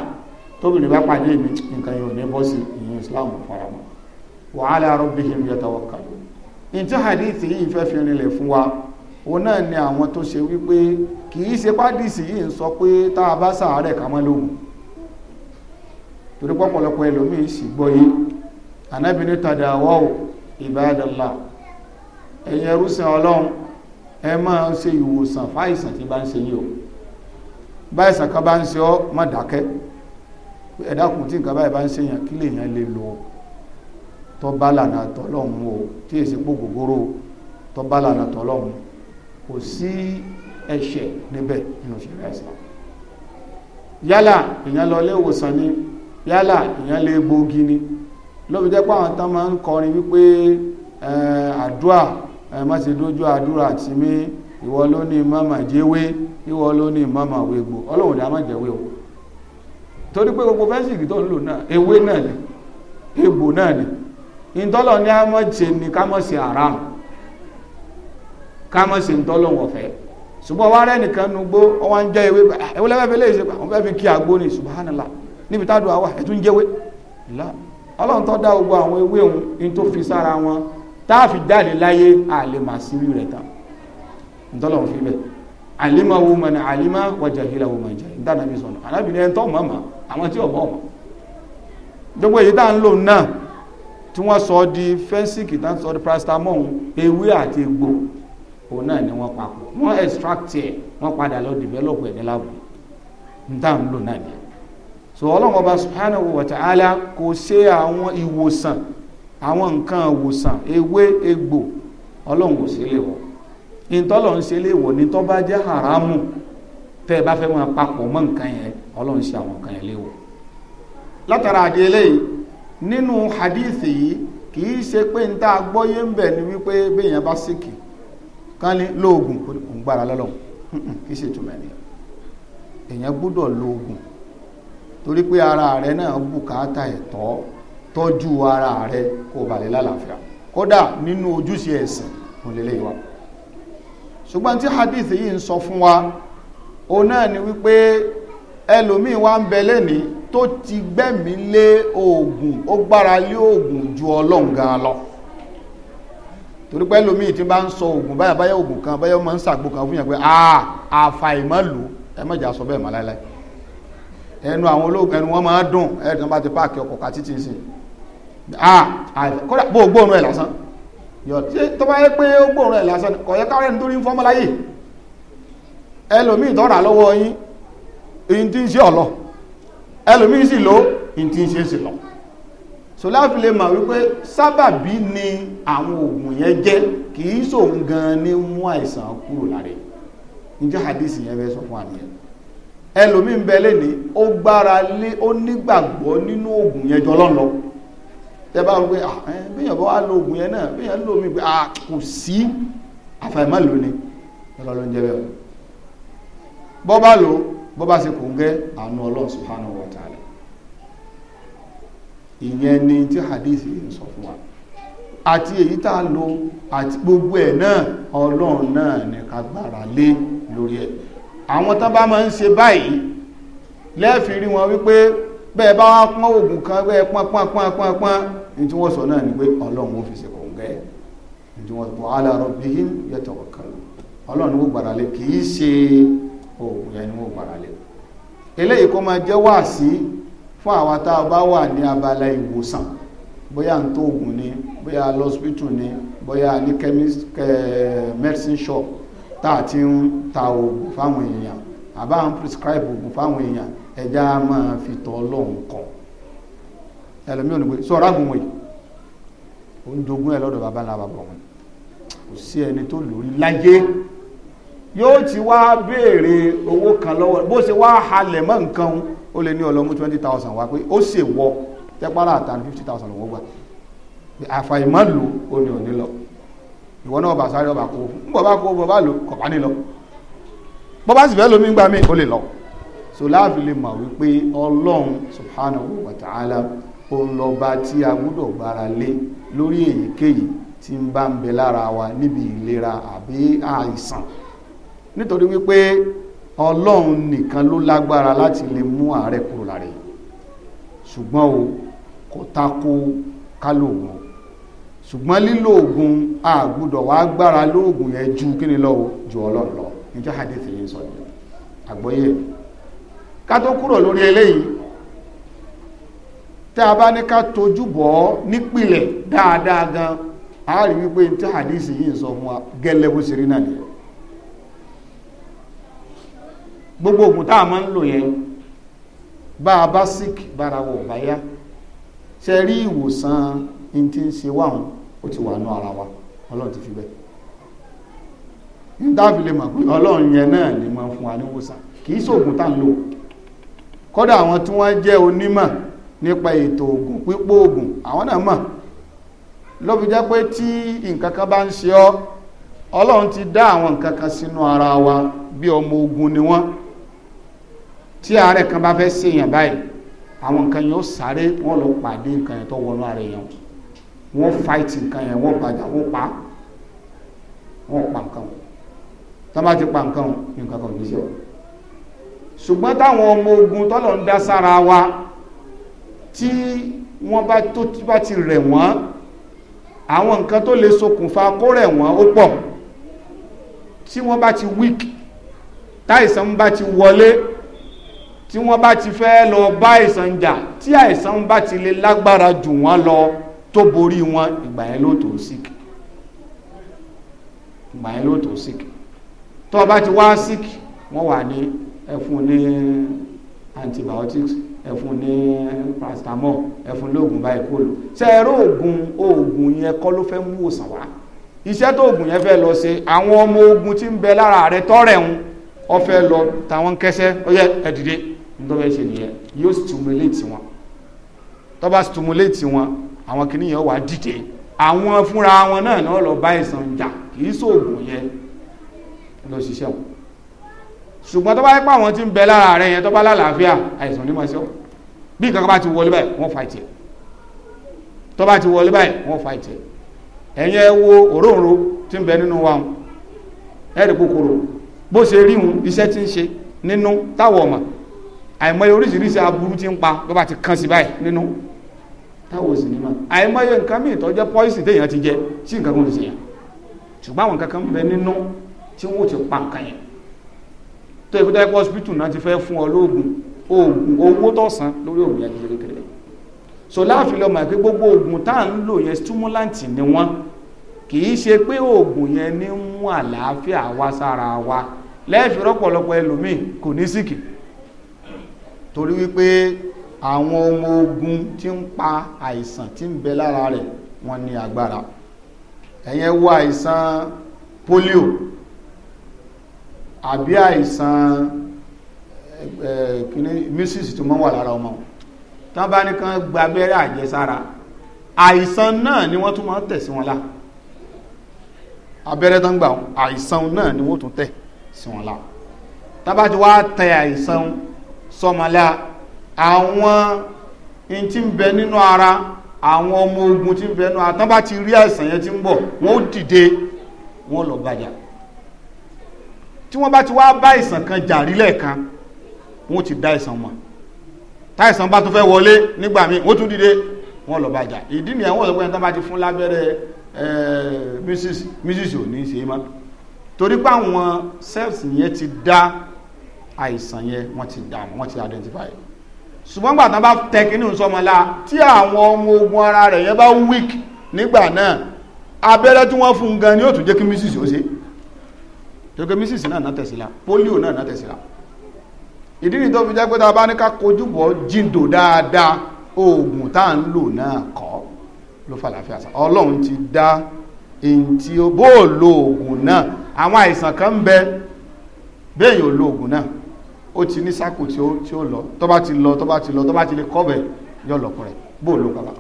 [SPEAKER 1] tóbìnrin bá pàdé mi nǹkan yìí ò ní bọ́ sí ìyẹn Islam faramọ́ wa ala rabbihim yatawakkalun ìjọ hadith yìí fẹ́ fi rinlẹ̀ fún wa òun náà ni àwọn tó ṣe wípé kì í ṣe pádìsì yìí ń sọ pé tá a bá sàárẹ̀ ká mọ́ lóhùn torí pọ́pọ̀lọpọ̀ ẹlòmíì sì gbọ́ yìí ànábì ní tàdà wọ́ọ̀ ìbádọ́là ẹ̀yin ẹrúsìn ọlọ́run ẹ máa ń ṣe ìwòsàn fáìsàn tí bá ń ṣe yìí o báìsàn kan bá ń ṣe ọ́ má dákẹ́ ẹ tí nǹkan báyìí bá ń ṣe yàn kí lèèyàn lè lò ó tọ́ bá lànà tọ́lọ́hún o tí èsì pò gògóró tọ́ bá lànà tọ́lọ́hún o kò sí ẹ̀ṣẹ̀ níbẹ̀ nínú ṣẹ̀rẹ̀ ẹ̀sìn yálà èèyàn lọ ilé ìwòsàn ni yálà èèyàn lè gbógi ni jẹ́ pé àwọn tán máa ń kọrin wípé àdúà má ṣe dójú àdúrà àti mí ìwọ ló ní jẹ́wé ìwọ ló ní ọlọ́run ni a jẹ́wé o torí pé kámọ́ sí ń tọ́lọ̀ wọ̀n fẹ́ ṣùgbọ́n wá rẹ́ nìkan nu gbó ọwọ́ ń jẹ́ ewé ẹwọ́ ah, lẹ́fẹ́ fẹ́ léèṣe àwọn fẹ́ fi kí àgbo ni subhanallah níbi tá a dùn àwa ẹ̀tún jẹ́wé là ọlọ́run tó dá gbogbo àwọn ewé òun ní tó fi sára wọn tá a fi dáàlé láyé àlè màá sí rí rẹ̀ tán ntọ́lọ̀ fi bẹ̀ àlímà wo mọ̀ ní àlímà wàjà hílà wo mọ̀ jẹ́ dáná bí sọ̀nà alábìnrin ẹni tó mọ̀ mọ̀ àwọn tí ò mọ̀ mọ̀ gbogbo èyí tá òun náà ni wọ́n papọ̀ wọ́n extract ẹ̀ wọ́n padà lọ develop ẹ̀ ní láàbù níta lò náà ni so ọlọ́run ọba subhanahu wa ta'ala kò ṣe àwọn ìwòsàn àwọn nǹkan ìwòsàn ewé egbò ọlọ́run kò ṣe lè wọ̀ ìtọ́lọ̀ ń ṣe lè wọ̀ ní tó bá jẹ́ haramu tẹ́ ẹ bá fẹ́ máa papọ̀ mọ́ nǹkan yẹn ọlọ́run ṣe àwọn nǹkan yẹn lè wọ̀ látara àdéhélé nínú hadith yìí kì í ṣe pé ń tá gbọ́yé ń bẹ̀ ni wípé béèyàn bá síkì kani loogun lóògùn ògbára lọ́lọ́ kí sì túmọ̀ ẹ̀nìyàn èèyàn gbọ́dọ̀ lóògùn torí pé ara rẹ náà bùkátà ẹ̀tọ́ tọ́jú ara rẹ kó balẹ̀ lálàáfíà kódà nínú ojúṣe ẹ̀sìn òlélẹ̀ ìwà ṣùgbọ́n tí hadith yìí ń fún wa náà wípé ń bẹ tó ti gbẹ̀mí lé oògùn ó gbára lé oògùn torí pé lómi tí bá ń sọ oògùn báyà báyà oògùn kan báyà máa ń sàgbó kan fún yàn pé àfà ìmọ̀ lò ẹ mọ̀jà sọ bẹ́ẹ̀ mọ́ láíláí ẹnu àwọn olóògùn ẹnu wọn máa ń dùn ẹ̀rọ tí wọ́n bá ti páàkì ọkọ̀ ká títí sí kódà bó o gbóòórùn ẹ̀ lásán tó bá yẹ pé ó gbóòórùn ẹ̀ lásán kò yẹ káwọn ẹni tó rí ń lọ́wọ́ yín èyí tí ń ṣe ọ̀lọ́ ẹlòmí sì lò èyí tí ń ṣe sì lọ́ọ́ so láfi lè mọ̀ wípé sábàbí ni àwọn oògùn yẹn jẹ́ kì í sòun gan ni mú àìsàn kúrò láre níjẹ́ hadith yẹn fẹ́ sọ fún àníyàn ẹlòmí ń bẹ lẹ́ni ó gbára lé ó nígbàgbọ́ nínú oògùn yẹn jọ lọ́nà tẹ́ bá wípé ah, bíyàn bá wà lo oògùn yẹn náà bíyàn lò mí pé ah, kò sí àfàìmọ́ ló ń bẹ́ẹ̀ ìyẹn ni tí hadith yìí ń sọ fún wa àti èyí tá a lo àti gbogbo ẹ̀ náà ọlọ́run náà ní ká gbára lé lórí ẹ̀ àwọn tán bá máa ń ṣe báyìí lẹ́ẹ̀fì rí wọn wípé bẹ́ẹ̀ bá wá pọ́n oògùn kan bẹ́ẹ̀ pọ́n pọ́n pọ́n pọ́n pọ́n ní tí wọ́n sọ náà ni pé ọlọ́run ó fi ṣe kòǹgẹ́ ní tí wọ́n sọ pé ala rabbihim yatawakkalun ọlọ́run ó gbára lé kì í ṣe oògùn yẹn ni wọ́n gbára lé eléyìí kó máa jẹ́ wáàsí fún àwa tá a bá wà ní abala ìwòsàn bóyá ń tó oògùn ni bóyá lọ́sibítù ni bóyá ní medicine shop tá a ti ń ta oògùn fáwọn èèyàn àbá ń prescribe oògùn fáwọn èèyàn ẹja máa fi tọ́ ọlọ́run kọ́ ẹlòmíràn ni pé sọ̀rọ̀ àgùnwò yìí ó ń jogún ẹ lọ́dọ̀ bàbá ńlá bàbá wọn kò sí ẹni tó lórí láyé yóò ti wá béèrè owó kan lọ́wọ́ bó ṣe wá halẹ̀ mọ́ nǹkan ó lè ní ọlọ́mú twenty thousand wá pé ó sì wọ tẹ́párà àtàrí fifty thousand lòún gbà
[SPEAKER 2] àfàìmọ́ lò
[SPEAKER 1] ó ní òní lọ ìwọ náà bá sáré ọba kó ń bọ̀ bá kó bọ̀ bá lò kọ̀pá nílọ bọ́ bá sì fẹ́ lómi gbà mí ó lè lọ so láàfi lè mọ̀ wípé ọlọ́run subhanahu wa ta'ala ó ń lọ bá tí a gbúdọ̀ gbára lé lórí èyíkéyìí tí ń bá ń bẹ lára wa níbi ìlera àbí àìsàn nítorí wípé ọlọ́run nìkan ló lágbára láti lè mú ààrẹ kúrò lára ṣùgbọ́n o kò tako kálò wọn ṣùgbọ́n lílo oògùn a wá gbára lóògùn yẹn ju kíni lọ ju ọlọ́run lọ níjọ́ sọ àgbọ́yé ká tó kúrò lórí eléyìí tá a bá ní ká tojú a rí wípé sọ fún wa gẹ́lẹ́ bó ṣe rí gbogbo ogun tá a máa ń lò yẹn bá a bá sick bára wọ bá yá ṣe rí ìwòsàn ní ti ń ṣe ó ti ara wa ọlọ́run ti fi bẹ́ẹ̀ níta fi lè mọ̀ pé ọlọ́run yẹn náà lè fún wa ní ìwòsàn kì í ṣoògùn tá à ń lò kódà àwọn tí wọ́n jẹ́ onímọ̀ nípa ètò oògùn pípò oògùn àwọn náà mọ̀ fi jẹ́ pé ti dá àwọn nǹkan kan sínú ara wa bí ọmọ ogun ni tí àárẹ̀ kan bá fẹ́ ṣe èèyàn báyìí àwọn nǹkan yẹn ó sáré wọ́n lọ pàdé nǹkan yẹn tó wọnú ara èèyàn wọ́n fáìtì nǹkan yẹn wọ́n bàjá wọ́n pa wọ́n pa nǹkan wọn tó bá ti pa nǹkan wọn nǹkan kan kì í ṣe wọn. ṣùgbọ́n táwọn ọmọ ogun tọ́lọ̀ ń dá sára wa tí wọ́n bá tó bá ti rẹ̀ wọ́n àwọn nǹkan tó lè ṣokùnfà kó rẹ̀ wọ́n ó pọ̀ tí wọ́n bá ti wík táìsàn bá ti wọlé tí wọ́n bá ti fẹ́ lọ bá àìsàn jà tí àìsàn bá ti lè lágbára jù wọ́n lọ tó borí wọn ìgbà yẹn ló tó sick ìgbà yẹn ló tó sick tó o bá ti wá sick wọ́n wà ní ẹ ní antibiotics ẹ fún ní paracetamol ẹ fún lóògùn báyìí kó lò ṣe ẹrú oògùn oògùn yẹn kọ́ ló fẹ́ mú òsàn wá iṣẹ́ tó oògùn yẹn fẹ́ lọ ṣe àwọn ọmọ ogun tí ń bẹ lára rẹ tọ́rẹ̀ ń ọ lọ tàwọn kẹsẹ́ ó yẹ nítorí bẹ́ẹ̀ ṣe nìyẹn yóò stimulate wọn tó bá stimulate wọn àwọn kìnìyàn wà dìde àwọn fúnra wọn náà náà lọ bá ìsàn jà kì í sóògùn yẹn lọ ṣiṣẹ́ wọn ṣùgbọ́n tó bá yẹ pé àwọn tí ń bẹ lára rẹ yẹn tó bá lálàáfíà àìsàn ní mọ̀ọ́sẹ́ bí nǹkan bá ti wọlé báyìí wọ́n fa ìtì ẹ̀ ti wọlé báyìí wọ́n fa ìtì ẹ̀ ẹ̀yẹ wo òróǹro tí ń bẹ nínú wa ẹ̀rì kòkòrò bó ṣe rí hun iṣẹ́ tí ń ṣe nínú táwọ̀ ọ̀mọ̀ àìmọye oríṣiríṣi aburú ti ń pa ló bá ti kàn sí báyìí nínú táwọn sì ní ma àìmọye nǹkan míì tó jẹ́ pọ́ìsì téèyàn ti jẹ sí nǹkan kan lè ṣèyàn ṣùgbọ́n àwọn nǹkan kan ń bẹ nínú tí wọ́n ti pa nǹkan yẹn tó yẹ kó dáyé hospital náà ti fẹ́ fún ọ lóògùn oògùn owó tó san lórí oògùn yẹn kékeré kékeré so láàfin lọ́mọ àgbẹ̀ gbogbo oògùn tá à ń lò yẹn stimulant ni wọ́n kì í ṣe pé oògùn yẹn ní mú àlàáfíà wá sára wa lẹ́ẹ̀fì rọ́pọ̀lọpọ̀ ẹlòmíì kò ní síkì torí wípé àwọn ọmọ ogun tí ń pa àìsàn tí ń bẹ lára rẹ̀ wọ́n ní agbára ẹ̀yẹn wo àìsàn polio àbí àìsàn measles tó mọ́ wà lára ọmọ tán bá ní kan gba abẹ́rẹ́ àjẹsára àìsàn náà ni wọ́n tún máa ń tẹ̀ sí wọn lá abẹ́rẹ́ tán gbà àìsàn náà ni wọ́n tún tẹ̀ sí wọn lá tán bá ti wá tẹ àìsàn sọmọlá àwọn in ti ń bẹ nínú ara àwọn ọmọ ogun ti ń bẹ nínú ara tán bá ti rí àìsàn yẹn ti ń bọ̀ wọ́n ó dìde wọ́n lọ bàjà tí wọ́n bá ti wá bá àìsàn kan jà rí lẹ́ẹ̀kan wọ́n ti dá àìsàn mọ̀ táìsàn bá tún fẹ́ wọlé nígbà míì wọ́n tún dìde wọ́n lọ bàjà ìdí nìyẹn wọ́n sọ pé tán bá ti fún lábẹ́rẹ́ mrs mrs ò ní í ṣe é mọ́ torí pé àwọn cells yẹn ti dá àìsàn yẹn wọ́n ti dààmú wọ́n ti identify ṣùgbọ́n gbà tán bá tẹ kínní sọmọlá tí àwọn ọmọ ogun ara rẹ̀ yẹn bá weak nígbà náà abẹ́rẹ́ tí wọ́n fún gan ni ó tún jẹ́ kí mísìsì ó ṣe tó kí mísìsì náà náà polio náà náà ìdí ni tó fi jẹ́ pé tá a bá ní ká kojúbọ̀ jíndò dáadáa oògùn tá à ń lò náà kọ́ ló fà láfíà sá ọlọ́run ti dá èyí tí ó bó lo oògùn náà àwọn àìsàn kan ń bẹ béèyàn lo oògùn náà ó ti ní sáàkù tí ó tí ó lọ tó bá ti lọ tó bá ti lọ tó bá ti lè kọ́bẹ̀ yọ lọ́kùn rẹ̀ bó ló bàbá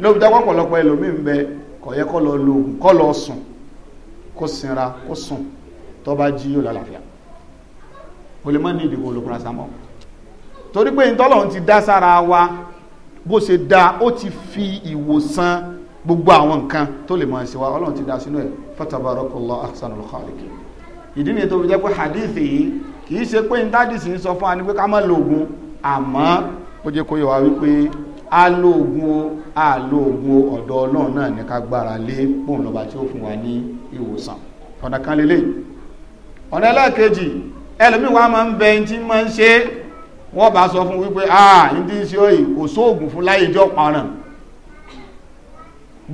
[SPEAKER 1] lóbi dá pọ̀pọ̀lọpọ̀ ẹlòmíì ń bẹ kọ̀ yẹ kọ́ lọ lo oògùn kọ́ lọ sùn kó sinra kó sùn tó bá jí yóò lálàáfíà o lè má ní ìdìbò olùkúra sámọ́ torí pé ìtọ́lọ̀ ń ti dá sára wa bó ṣe da, ó ti fi ìwòsàn gbogbo àwọn nǹkan tó lè máa ṣe wa ọlọ́run ti da sínú ẹ̀ fatabarakallahu ahsanul khaliqin ìdí nìyẹn tó fi jẹ́ pé hadithi kì í ṣe pé ntádìsì ń sọ fún wa ni pé ká lo oògùn àmọ́ ó jẹ́ kó yẹ wá wípé a lo oògùn o a lo oògùn o ọ̀dọ̀ ọlọ́run náà ní ká gbára lé bóun lọ́ba tí fún wa ní ìwòsàn ọ̀nà kan lélẹ̀ ọ̀nà ẹlẹ́ẹ̀kejì ẹlòmíì wa máa ń bẹ ẹni tí máa ń ṣe wọ́n sọ fún wípé a ní tí ń ṣe òyì kò fún láyé ìjọ parán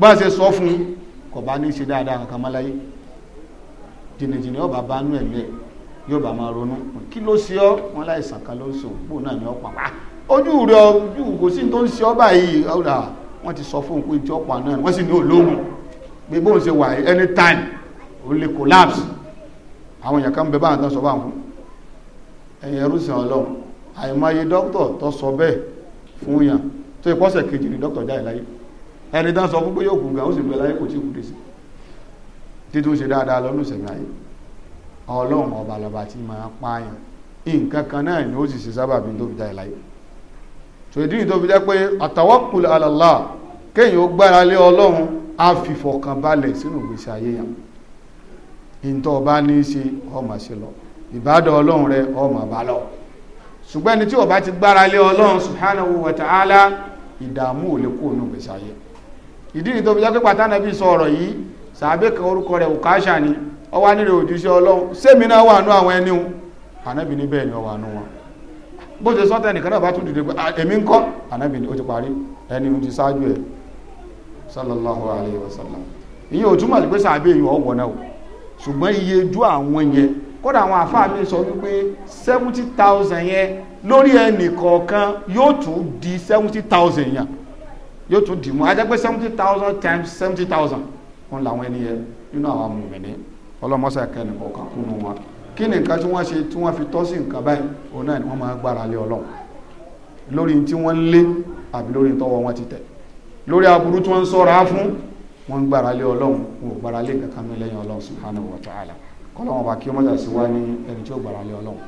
[SPEAKER 1] bá sọ fún kò bá ní ṣe dáadáa kankan máláyé jìnnìjìnnì yóò bá máa ronú kí ló ṣe ọ́ wọn láìsàn kan ló ń sọ òpó náà ní ọ̀pá wá ojú rẹ ojú kò sí tó ń ṣe ọ́ báyìí ọ̀rà wọ́n ti sọ fún un pé tí ọ̀pá náà wọ́n sì ní ológun pé bóun ṣe wà anytime ó lè collapse àwọn èèyàn kan bẹ báwọn tán sọ báwọn fún ẹ̀yìn ẹrúsìn ọlọ́run àìmọye dókítà tó sọ bẹ́ẹ̀ fún yàn tó ìkọ́sẹ̀ kejì ní dókítà jáde láyé ẹni tán sọ fún pé yóò kú gan ó sì gbẹ láyé kò tí ì kú dé sí títún ṣe dáadáa lọ́nà ìṣẹ̀mí ayé ọlọ́run ọba lọ́ba tí máa pààyàn nǹkan kan náà ni ó sì ṣe sábàbí tó fi jáde láyé tòdí tó fi jẹ́ pé àtàwọ́kùl àlàlá kéèyàn ó gbára lé ọlọ́run á fi fọkàn balẹ̀ sínú ìgbésí ayé yàn ìntọ́ ọba ní ṣe lọ ìbádọ́ ọlọ́run rẹ ọmọ bá lọ ṣùgbọ́n ẹni ọba ti gbára lé ọlọ́run ìdààmú ò lè kó inú ìgbésí ayé ìdí tó fi jẹ́ pé pàtàkì yìí orúkọ ọwá nílò òjíṣẹ́ ọlọ́run sẹ́mi wà nú àwọn ẹni wọn ní bẹ́ẹ̀ ni ọwà nú wọn bó ṣe sọ́tẹ̀ nìkan náà bá tún dìde èmi ń kọ́ ànábì ní ó ti parí ẹni ti ṣáájú ẹ̀ sallallahu alayhi wa sallam ìyẹn ò túmọ̀ pé sàbẹ̀ èèyàn ọ̀wọ̀ náà ṣùgbọ́n iye ju àwọn yẹn kódà àwọn àfáà mi sọ wípé seventy thousand yẹn lórí ẹnì kọ̀ọ̀kan yóò tún di seventy thousand yẹn yóò tún dì mú ajẹ́ pé seventy thousand times seventy thousand òun làwọn ẹni yẹn nínú àwọn mùmínì ọlọ́mọsà kẹ́ni kọ̀ọ̀kan kúnnú wọn kí ni nǹkan tí wọ́n ṣe tí wọ́n fi tọ́ sí nǹkan báyìí òun náà ni wọ́n máa gbára lé ọlọ́run lórí tí wọ́n ń lé àbí lórí tọ́wọ́ wọn ti tẹ̀
[SPEAKER 2] lórí aburú tí wọ́n ń sọ́ra fún
[SPEAKER 1] wọ́n ń gbára lé ọlọ́run wọn gbára lé kankan mi lẹ́yìn subhanahu wa ta'ala kọ́lọ́wọ́n kí ó mọ́jà sí wá ní ẹni tí ó gbára lé ọlọ́run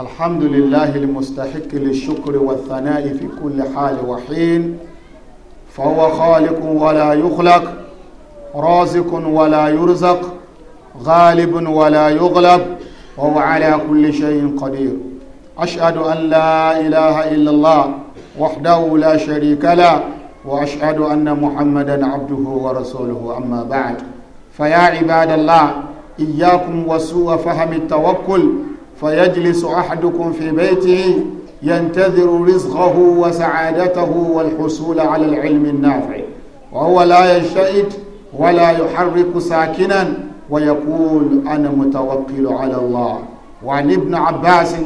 [SPEAKER 1] الحمد لله المستحق للشكر والثناء في كل حال وحين فهو خالق ولا يخلق رازق ولا يرزق غالب ولا يغلب وهو على كل شيء قدير أشهد أن لا إله إلا الله وحده لا شريك له وأشهد أن محمدا عبده ورسوله أما بعد فيا عباد الله إياكم وسوء فهم التوكل فيجلس أحدكم في بيته ينتظر رزقه وسعادته والحصول على العلم النافع وهو لا ينشئت ولا يحرك ساكنا ويقول أنا متوكل على الله وعن ابن عباس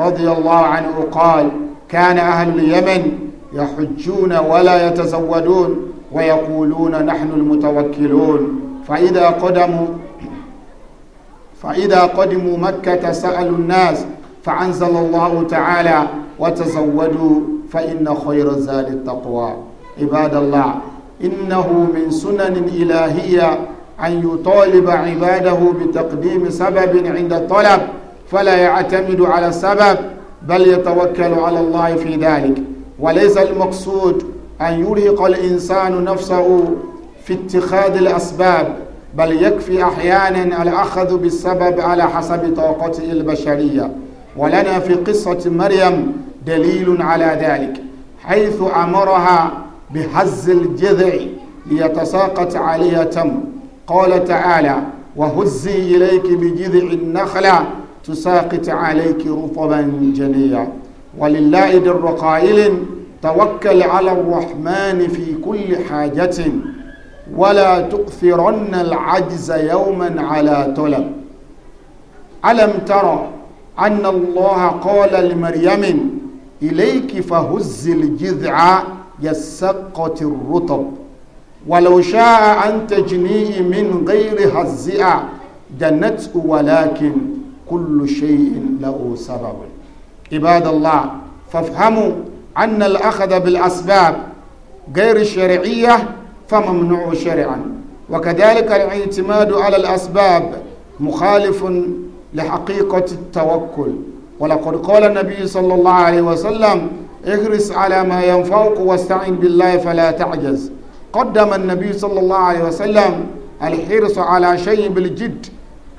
[SPEAKER 1] رضي الله عنه قال كان أهل اليمن يحجون ولا يتزودون ويقولون نحن المتوكلون فإذا قدموا فإذا قدموا مكة سألوا الناس فأنزل الله تعالى وتزودوا فإن خير الزاد التقوى عباد الله إنه من سنن إلهية أن يطالب عباده بتقديم سبب عند الطلب فلا يعتمد على السبب بل يتوكل على الله في ذلك وليس المقصود أن يرهق الإنسان نفسه في اتخاذ الأسباب بل يكفي أحيانا الأخذ بالسبب على حسب طاقته البشرية ولنا في قصة مريم دليل على ذلك حيث أمرها بهز الجذع ليتساقط عليها تم قال تعالى وهزي إليك بجذع النخلة تساقط عليك رطبا جنيا ولله در قائل توكل على الرحمن في كل حاجة ولا تؤثرن العجز يوما على تلم ألم ترى أن الله قال لمريم إليك فهز الجذع يسقط الرطب ولو شاء أن تجنيه من غير هزئة جنت ولكن كل شيء له سبب عباد الله فافهموا أن الأخذ بالأسباب غير الشرعية فممنوع شرعا وكذلك الاعتماد على الأسباب مخالف لحقيقة التوكل ولقد قال النبي صلى الله عليه وسلم احرص على ما ينفوق واستعن بالله فلا تعجز قدم النبي صلى الله عليه وسلم الحرص على شيء بالجد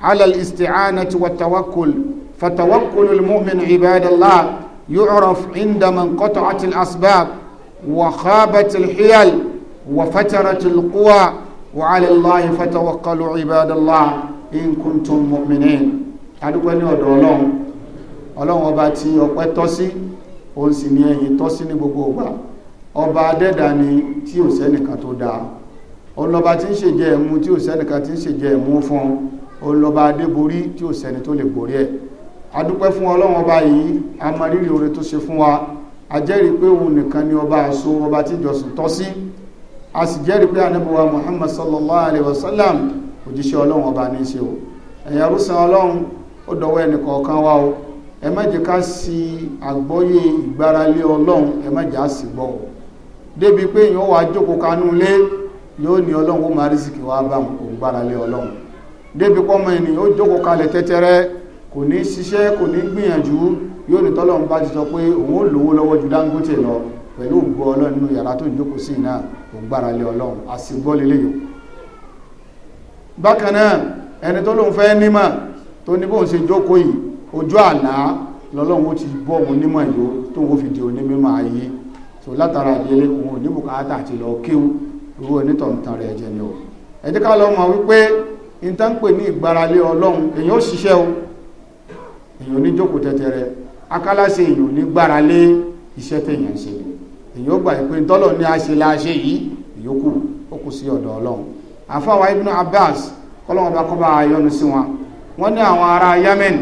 [SPEAKER 1] على الاستعانة والتوكل فتوكل المؤمن عباد الله يعرف عند من قطعت الأسباب وخابت الحيل وفترت القوى وعلى الله فتوكلوا عباد الله إن كنتم مؤمنين adúpẹ́ ní ọ̀dọ̀ ọlọ́run ọlọ́run ọba tí ọpẹ́ tọ́ sí òun sì ni ẹ̀yìn tọ́ sí ní gbogbo ọgbà ọba adẹ́dà ni tí ò sẹ́nìkan tó dáa ọlọ́ba tí ń ṣèjẹ́ ẹ̀mú tí ò sẹ́nìkan tí ń ṣèjẹ́ ẹ̀mú fún ọlọ́ba adéborí tí ò sẹ́ni tó lè borí ẹ̀ adúpẹ́ fún ọlọ́run ọba yìí a mọ rírì oore tó ṣe fún wa a jẹ́rìí pé òun nìkan ni ọba àṣọ ọba tíjọsìn tọ́ sí a sì jẹ́rìí Muhammad sallallahu alayhi wa sallam òjíṣẹ́ ọlọ́run ọba ní í ṣe o ẹ̀yà rúsan ọlọ́run ó dọ̀wọ́ ẹnìkọ̀ọ̀kan wá o ẹ má jẹ́ ká sí àgbọ́yé ìgbáralé ọlọ́run ẹ má jẹ́ á sì o débi pé èèyàn wà jókòó kanú lé yóò ní ọlọ́run ó máa rísìkì wá bá débi ó jókòó kalẹ̀ tẹ́tẹ́rẹ́ pẹ̀lú ụgbọ ọlọ́run nínú yàrá tó ń jókòó sí náà ò gbára lé ọlọ́run a sì gbọ́ lélẹ̀ yòó bákan náà ẹni tó lóun fẹ́ nímọ̀ tó ní bóun ṣe jókòó yìí ojú àná lọ́lọ́run ó ti bọ́ òun nímọ̀ yòó tó ń fi di ayé tó látara ìdílé òun bùkátà àti ni ẹ jẹ́ ká o èyàn ní jókòó tẹ́tẹ́rẹ́ èyàn ní iṣẹ́ tẹ̀yàn èyí ó gbà pé ntọ́lọ̀ ní àṣẹ láṣẹ yìí ìyókù ó kù sí ọ̀dọ̀ ọlọ́run àfáwà ibn abbas kọ́lọ́wọ́n bá kọ́ bá yọ́nú sí wọn wọ́n ní àwọn ará yemen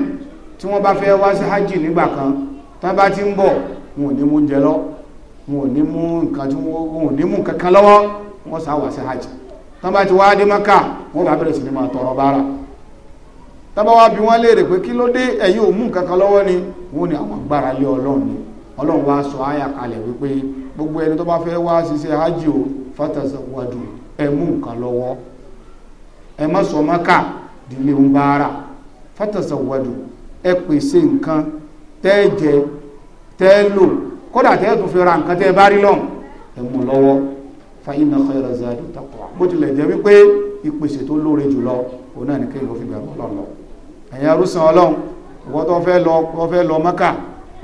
[SPEAKER 1] tí wọ́n bá fẹ́ wá sí hajj nígbà kan tán bá ti ń bọ̀ wọn ò ní mú oúnjẹ lọ wọn ò ní mú nǹkan tí wọn ò ní mú kankan lọ́wọ́ wọn sá wá sí hajj tán bá ti wá dé maka wọn bá bẹ̀rẹ̀ sí ni máa tọrọ bára tán bá wá bi wọ́n léèrè pé kí ló dé ẹ̀yin ò kankan lọ́wọ́ ni wọn ò ní àwọn gbára lé ọlọ́run ni ọlọ́run wá sọ àyà kalẹ̀ wípé gbogbo ẹni tó bá fẹ́ wá ṣiṣẹ́ hajj o fatazawwadu ẹ mú nǹkan lọ́wọ́ ẹ má sọ mọ́kà dìlé ń bára fatazawwadu ẹ pèsè nǹkan tẹ́ jẹ kódà tẹ́ tún fi ra nǹkan tẹ́ bá rí lọ́hùn ẹ lọ́wọ́ fa inna khayra zadi taqwa bó tilẹ̀ jẹ́ wípé ìpèsè tó lóore jùlọ òun náà ní kéèyàn fi bẹ̀rù ọlọ́run lọ ẹ̀yin arúsàn ọlọ́run ìwọ́n tó fẹ́ lọ mọ́kà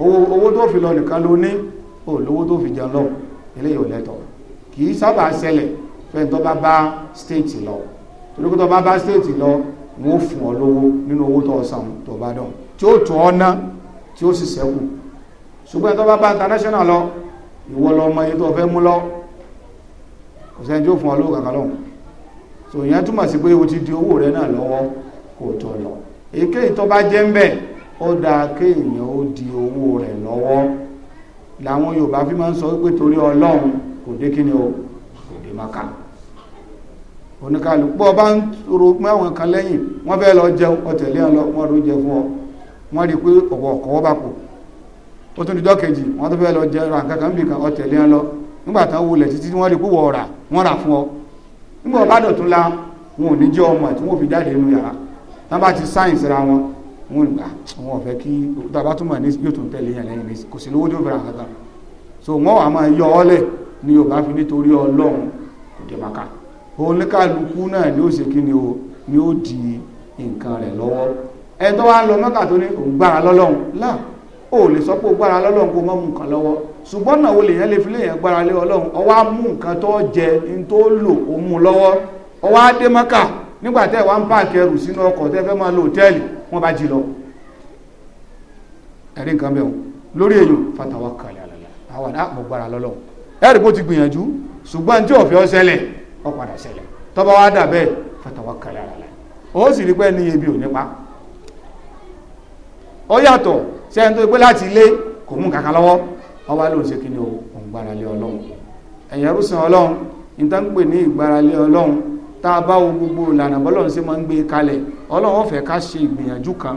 [SPEAKER 1] owó tó fi lọ nìkan ló ní o lówó tó fi jẹun lọ eléyìí ò lẹ́tọ̀ kì í sábà ṣẹlẹ̀ fẹ́ni tó bá bá stéètì lọ torí pé tó bá bá stéètì lọ wọn ò fún ọ lówó nínú owó tó san tó bá dán tí ó tún ọ ná tí ó sì ṣẹ́kù ṣùgbọ́n tó bá bá international lọ ìwọ lọ ọmọ yìí tó fẹ́ mú lọ kò sẹ́ni tí ó fún ọ lówó kankan lọ́hùn so ìyẹn túmọ̀ sí pé o ti di owó rẹ náà lọ́wọ́ kò tọ̀ lọ èkéyìí tó bá jẹ́ ń bẹ̀ ó dáa kéèyàn ó di owó rẹ̀ lọ́wọ́ làwọn yorùbá fi máa ń sọ wípé torí ọlọ́run kò dé o kò maka onika pọ̀ ọba ń ro pé àwọn kan lẹ́yìn wọ́n fẹ́ lọ jẹun ọ̀tẹ̀lé ọ lọ wọ́n jẹ fún ọ wọ́n rí i pé ọ̀wọ̀ ọ̀kọ́wọ́ bá kù ó tún dídọ́ kejì wọ́n tó fẹ́ lọ jẹ ra nǹkan kan bí kan ọ̀tẹ̀lé ọ lọ nígbà tán wulẹ̀ títí wọ́n rí i pé wọ́n rà wọ́n rà fún ọ nígbà la wọn ò ní jẹ́ ọmọ fi ra wọn wọn ò a wọn ò fẹ́ kí tàbá túmọ̀ ní yóò tún tẹ̀lé yẹn kò sí lówó tó fẹ́ràn kankan so wọn wà máa yọ ọ lẹ̀ ni yorùbá fi nítorí ọlọ́run kò maka oníkàlùkù náà ni ó ṣe kí ni o di nǹkan rẹ lọ́wọ́ ẹ tó wá ń lọ tó ní òun gbára lọ́lọ́run ó lè sọ pé ó gbára lọ́lọ́run kó mú nǹkan jẹ ní tó lò ó mú lọ́wọ́ dé wọ́n bá jí lọ ẹ̀rí nǹkan bẹ́ẹ̀ lórí èyàn fatawa kalẹ̀ àlàlà àwọn àpò gbára lọ́lọ́ ẹ̀rí bó ti gbìyànjú ṣùgbọ́n tí òfin ọ̀sẹ̀lẹ̀ ó padà ṣẹlẹ̀ tọ́ba wa dà bẹ́ẹ̀ fatawa kalẹ̀ àlàlà ó sì rí pẹ́ ní ebi ò nípa ó yàtọ̀ sí ẹni tó gbé láti ilé kò mú kankan lọ́wọ́ wọ́n wá lóun ṣe kí ni o òun gbára lé ọlọ́run ẹ̀yàn rúsan ọlọ́run ní tá ń pè ní ìgbára lé ọlọ́run tá a bá wo gbogbo ìlànà bọ́lọ́run ṣe máa ń gbé kalẹ̀ ọlọ́run fẹ́ ká ṣe ìgbìyànjú kan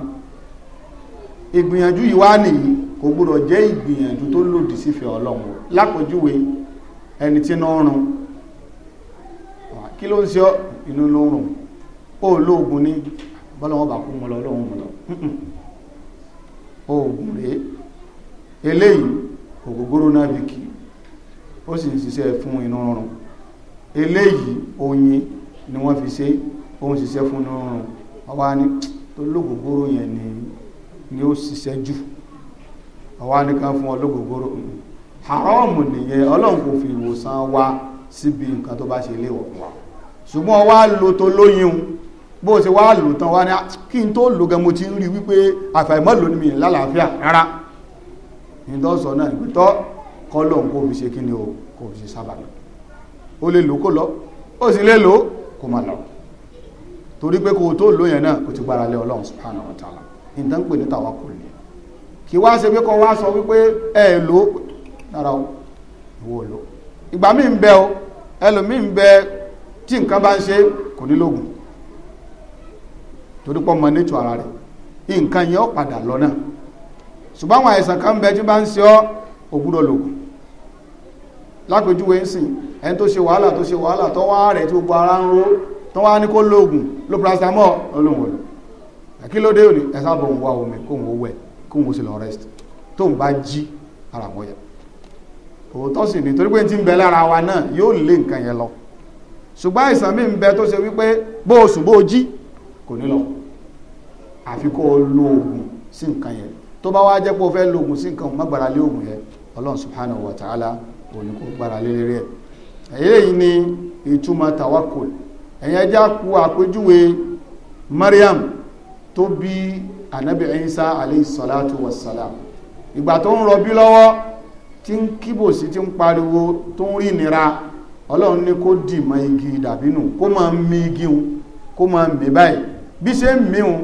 [SPEAKER 1] ìgbìyànjú yìí wá nìyí kò gbọdọ̀ jẹ́ ìgbìyànjú tó lòdì sífẹ́ ọlọ́run lápòjúwe ẹni tí náà rún kí ló ń ṣe inú ló rùn ó lóògùn ní bọ́lọ́wọ́ bá kú mọ́ lọ lọ́wọ́ mọ́ lọ oògùn rèé eléyìí ògógóró náà bí kí ó sì ń ṣiṣẹ́ fún inú rùn eléyìí oyin ni wọ́n fi ṣe ó ń ṣiṣẹ́ fún inú rùn wọ́n wá ní tó lógógóró yẹn ni ni ó ṣiṣẹ́ jù wọ́n wá ní kan fún wọn lógógóró haramu nìyẹn ọlọ́run kò fi ìwòsàn wa síbi nǹkan tó bá ṣe léwọ̀ wa ṣùgbọ́n wá lo tó lóyún bó ṣe wá lò tán wá ní ah, kí n tó lò gan mo ti ń rí wípé àfàìmọ́ lò ní mi lálàáfíà rárá ìdọ́sọ̀ náà ìpítọ́ kọlọ̀ kó fi ṣe kí ni o kò fi ṣe sábà lọ ó lè lò kó lọ ó sì lè lò kó má lọ torí pé kò tó náà kò ti gbára lé ọlọ́run subhanahu wa ta'ala nǹkan pè ní tàwa kò lè kí wá ṣe pé kọ́ wá sọ wípé ẹ lò ó dára o ìwọ lò ìgbà míì ń bẹ o ẹlòmíì ń bẹ tí nǹkan bá ń ṣe torí pọ́ mọ ara nǹkan yẹn ó padà lọ náà ṣùgbọ́n àwọn àìsàn kan tí bá ń ṣe ọ́ ògbúdọ̀ lògùn ń sìn ẹni tó ṣe wàhálà tó tó wá ní kó lóògùn ló paracetamol olóhùn kí ló dé òní ẹ̀sà bò ń wá omi kóhùn ó wẹ̀ kó ó sì lọ rest tó ń bá jí ara yẹ òótọ́ sì ni torí pé tí ń bẹ lára wa náà yóò lé nǹkan yẹn lọ ṣùgbọ́n àìsàn mi ń bẹ wípé bó o sùn bó àfi kó o lo oògùn sí nǹkan yẹn tó bá wá jẹ́ pé o fẹ́ lo oògùn sí nǹkan má gbára lé oògùn yẹn ọlọ́run wa ẹ̀yẹn já ku àpéjúwe Maryam tó bí anabi Isa alayhi salatu wassalam ìgbà tó ń rọbí lọ́wọ́ tí ń kíbòsí tí ń pariwo tó ń rí nira ọlọ́run ní kó dì mọ́ igi dàbínú kó máa mi igi hun kó máa mi báyìí bí ṣe ń mi hun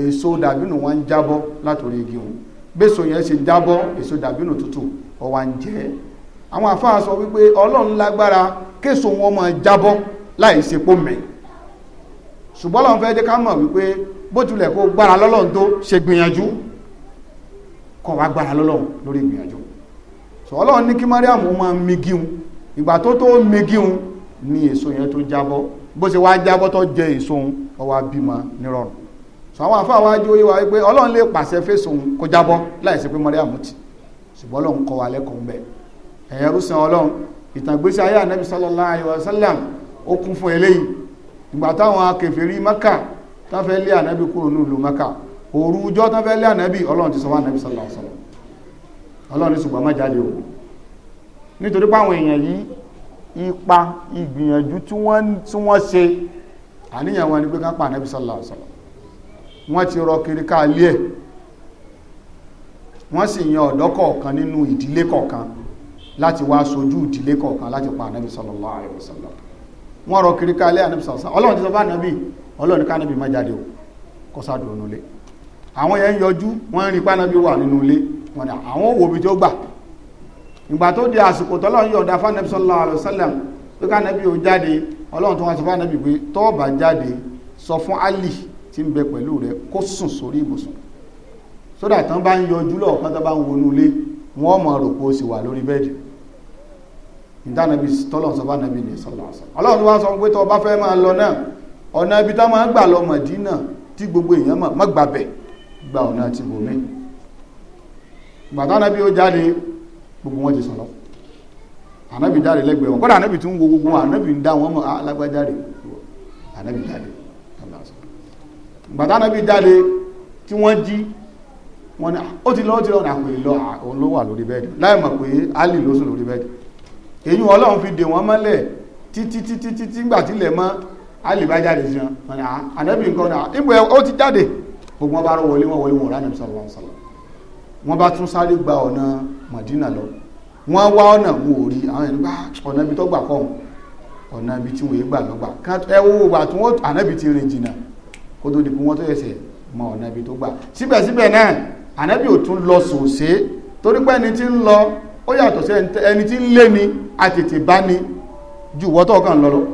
[SPEAKER 1] èso dàbínú wọn ń jábọ́ látòrí igi hun bẹ́sọ yẹn ṣe jábọ́ èso dàbínú tútù ọwà ń jẹ́ àwọn àfáà sọ wípé ọlọ́run lágbára késo wọn máa jábọ́ láì ṣe pó mẹ́ ṣùgbọ́n lọ́n fẹ́ jẹ́ ká mọ̀ wípé bó tilẹ̀ kó gbára lọ́lọ́run tó ṣe gbìyànjú kọ̀ wá gbára lọ́lọ́run lórí gbìyànjú sọ ọlọ́run ní kí Mariam máa migiun ìgbà tó tó migiun ni èso yẹn tó jábọ́ bó ṣe wá jábọ́ tó jẹ èso òun ọwọ́ bímọ nírọ̀rùn sọ àwọn àfáà wá jó yé wa wípé ọlọ́run lè pàṣẹ fèsòun kó jábọ́ láì ṣe pé Mariam ti ṣùgbọ́n ọlọ́run kọ́ wa lẹ́kọ̀ọ́ bẹ́ẹ̀ ẹ̀yẹ rúṣin ọlọ́run ìtàgbésí ayé ànábì sallallahu alaihi wasallam ó kún fún eléyìí ìgbà táwọn kèfèrí mẹ́kà tán fẹ́ lé ànábì kúrò ní ìlú mẹ́kà òru ọjọ́ tán lé ti sọ fún ànábì sallallahu ọlọ́run ní ṣùgbọ́n má jáde o nítorí páwọn èèyàn yìí ipa ìgbìyànjú tí wọ́n ṣe àníyàn wọn ni pé wọ́n ti rọ kiri ẹ̀ wọ́n sì yan ọ̀dọ́ kọ̀ọ̀kan nínú ìdílé kọ̀ọ̀kan láti wá sojú ìdílé kọ̀ọ̀kan láti pa wọ́n rọ kiri ká ilé ànábì sàlá ọlọ́run ti sọ fún ànábì ọlọ́run ní ká ànábì má jáde o kó sádùn nulẹ̀ àwọn yẹn ń yọjú wọ́n ń rí pánábì wà nínú ilé wọn ni àwọn òwò bí tí ó gbà ìgbà tó di àsìkò tọ́lọ́run yọ̀ọ̀dá fún ànábì sallallahu alaihi wasallam pé ká ànábì ò jáde ọlọ́run tó wá sọ fún ànábì pé tó bá jáde sọ fún Ali tí ń bẹ pẹ̀lú rẹ kó sùn sórí ibùsùn sódà tán bá ń yọjú lọ́ọ̀kan tó bá ń wọnú ilé wọ́n mọ̀ rò pé ó sì wà lórí bẹ́ẹ̀dì ìdánàbí tọ́lọ̀n sọfá nàbí ní sọ́lọ̀sọ́ ọlọ́run tó wá sọ pé tó bá fẹ́ máa lọ náà ọ̀nà ibi tá máa gbà lọ Mádínà tí gbogbo èèyàn mọ̀ má gbàbẹ̀ gba ọ̀nà ti bòmí gbàtánàbí ó jáde gbogbo wọn ti sọ̀lọ́
[SPEAKER 2] ànábì jáde lẹ́gbẹ̀ẹ́ wọn kọ́dà ànábì
[SPEAKER 1] tún wo gbogbo wọn ànábì ń dá wọn mọ̀ ah, èyí wọn ọlọ́run fi dè wọ́n mọ́lẹ̀ títí títí títí gbà tilẹ̀ mọ́ alìbá jáde sí wọn ah, ànábì nǹkan náà ibò ah, ó ti jáde gbogbo wọn bá rọ wọlé wọn wọlé wọn ránà sọlọ wọn sọlọ wọn bá tún sáré gba ọ̀nà Mádínà lọ wọn wá ọ̀nà wọn ò rí àwọn ẹni bá ah, ọ̀nà ibi tó gbà kọ́ wọn ọ̀nà ibi tí wọn gbà lọ́gbà ẹ wo ìgbà tí wọn ànábì ti rìn jìnnà kó tó di pé wọn tó yẹsẹ̀ mọ ó yàtọ̀ sí ẹni tí ń lé ni àtètè bá ni ju wọ́tọ̀ kan lọ́lọ́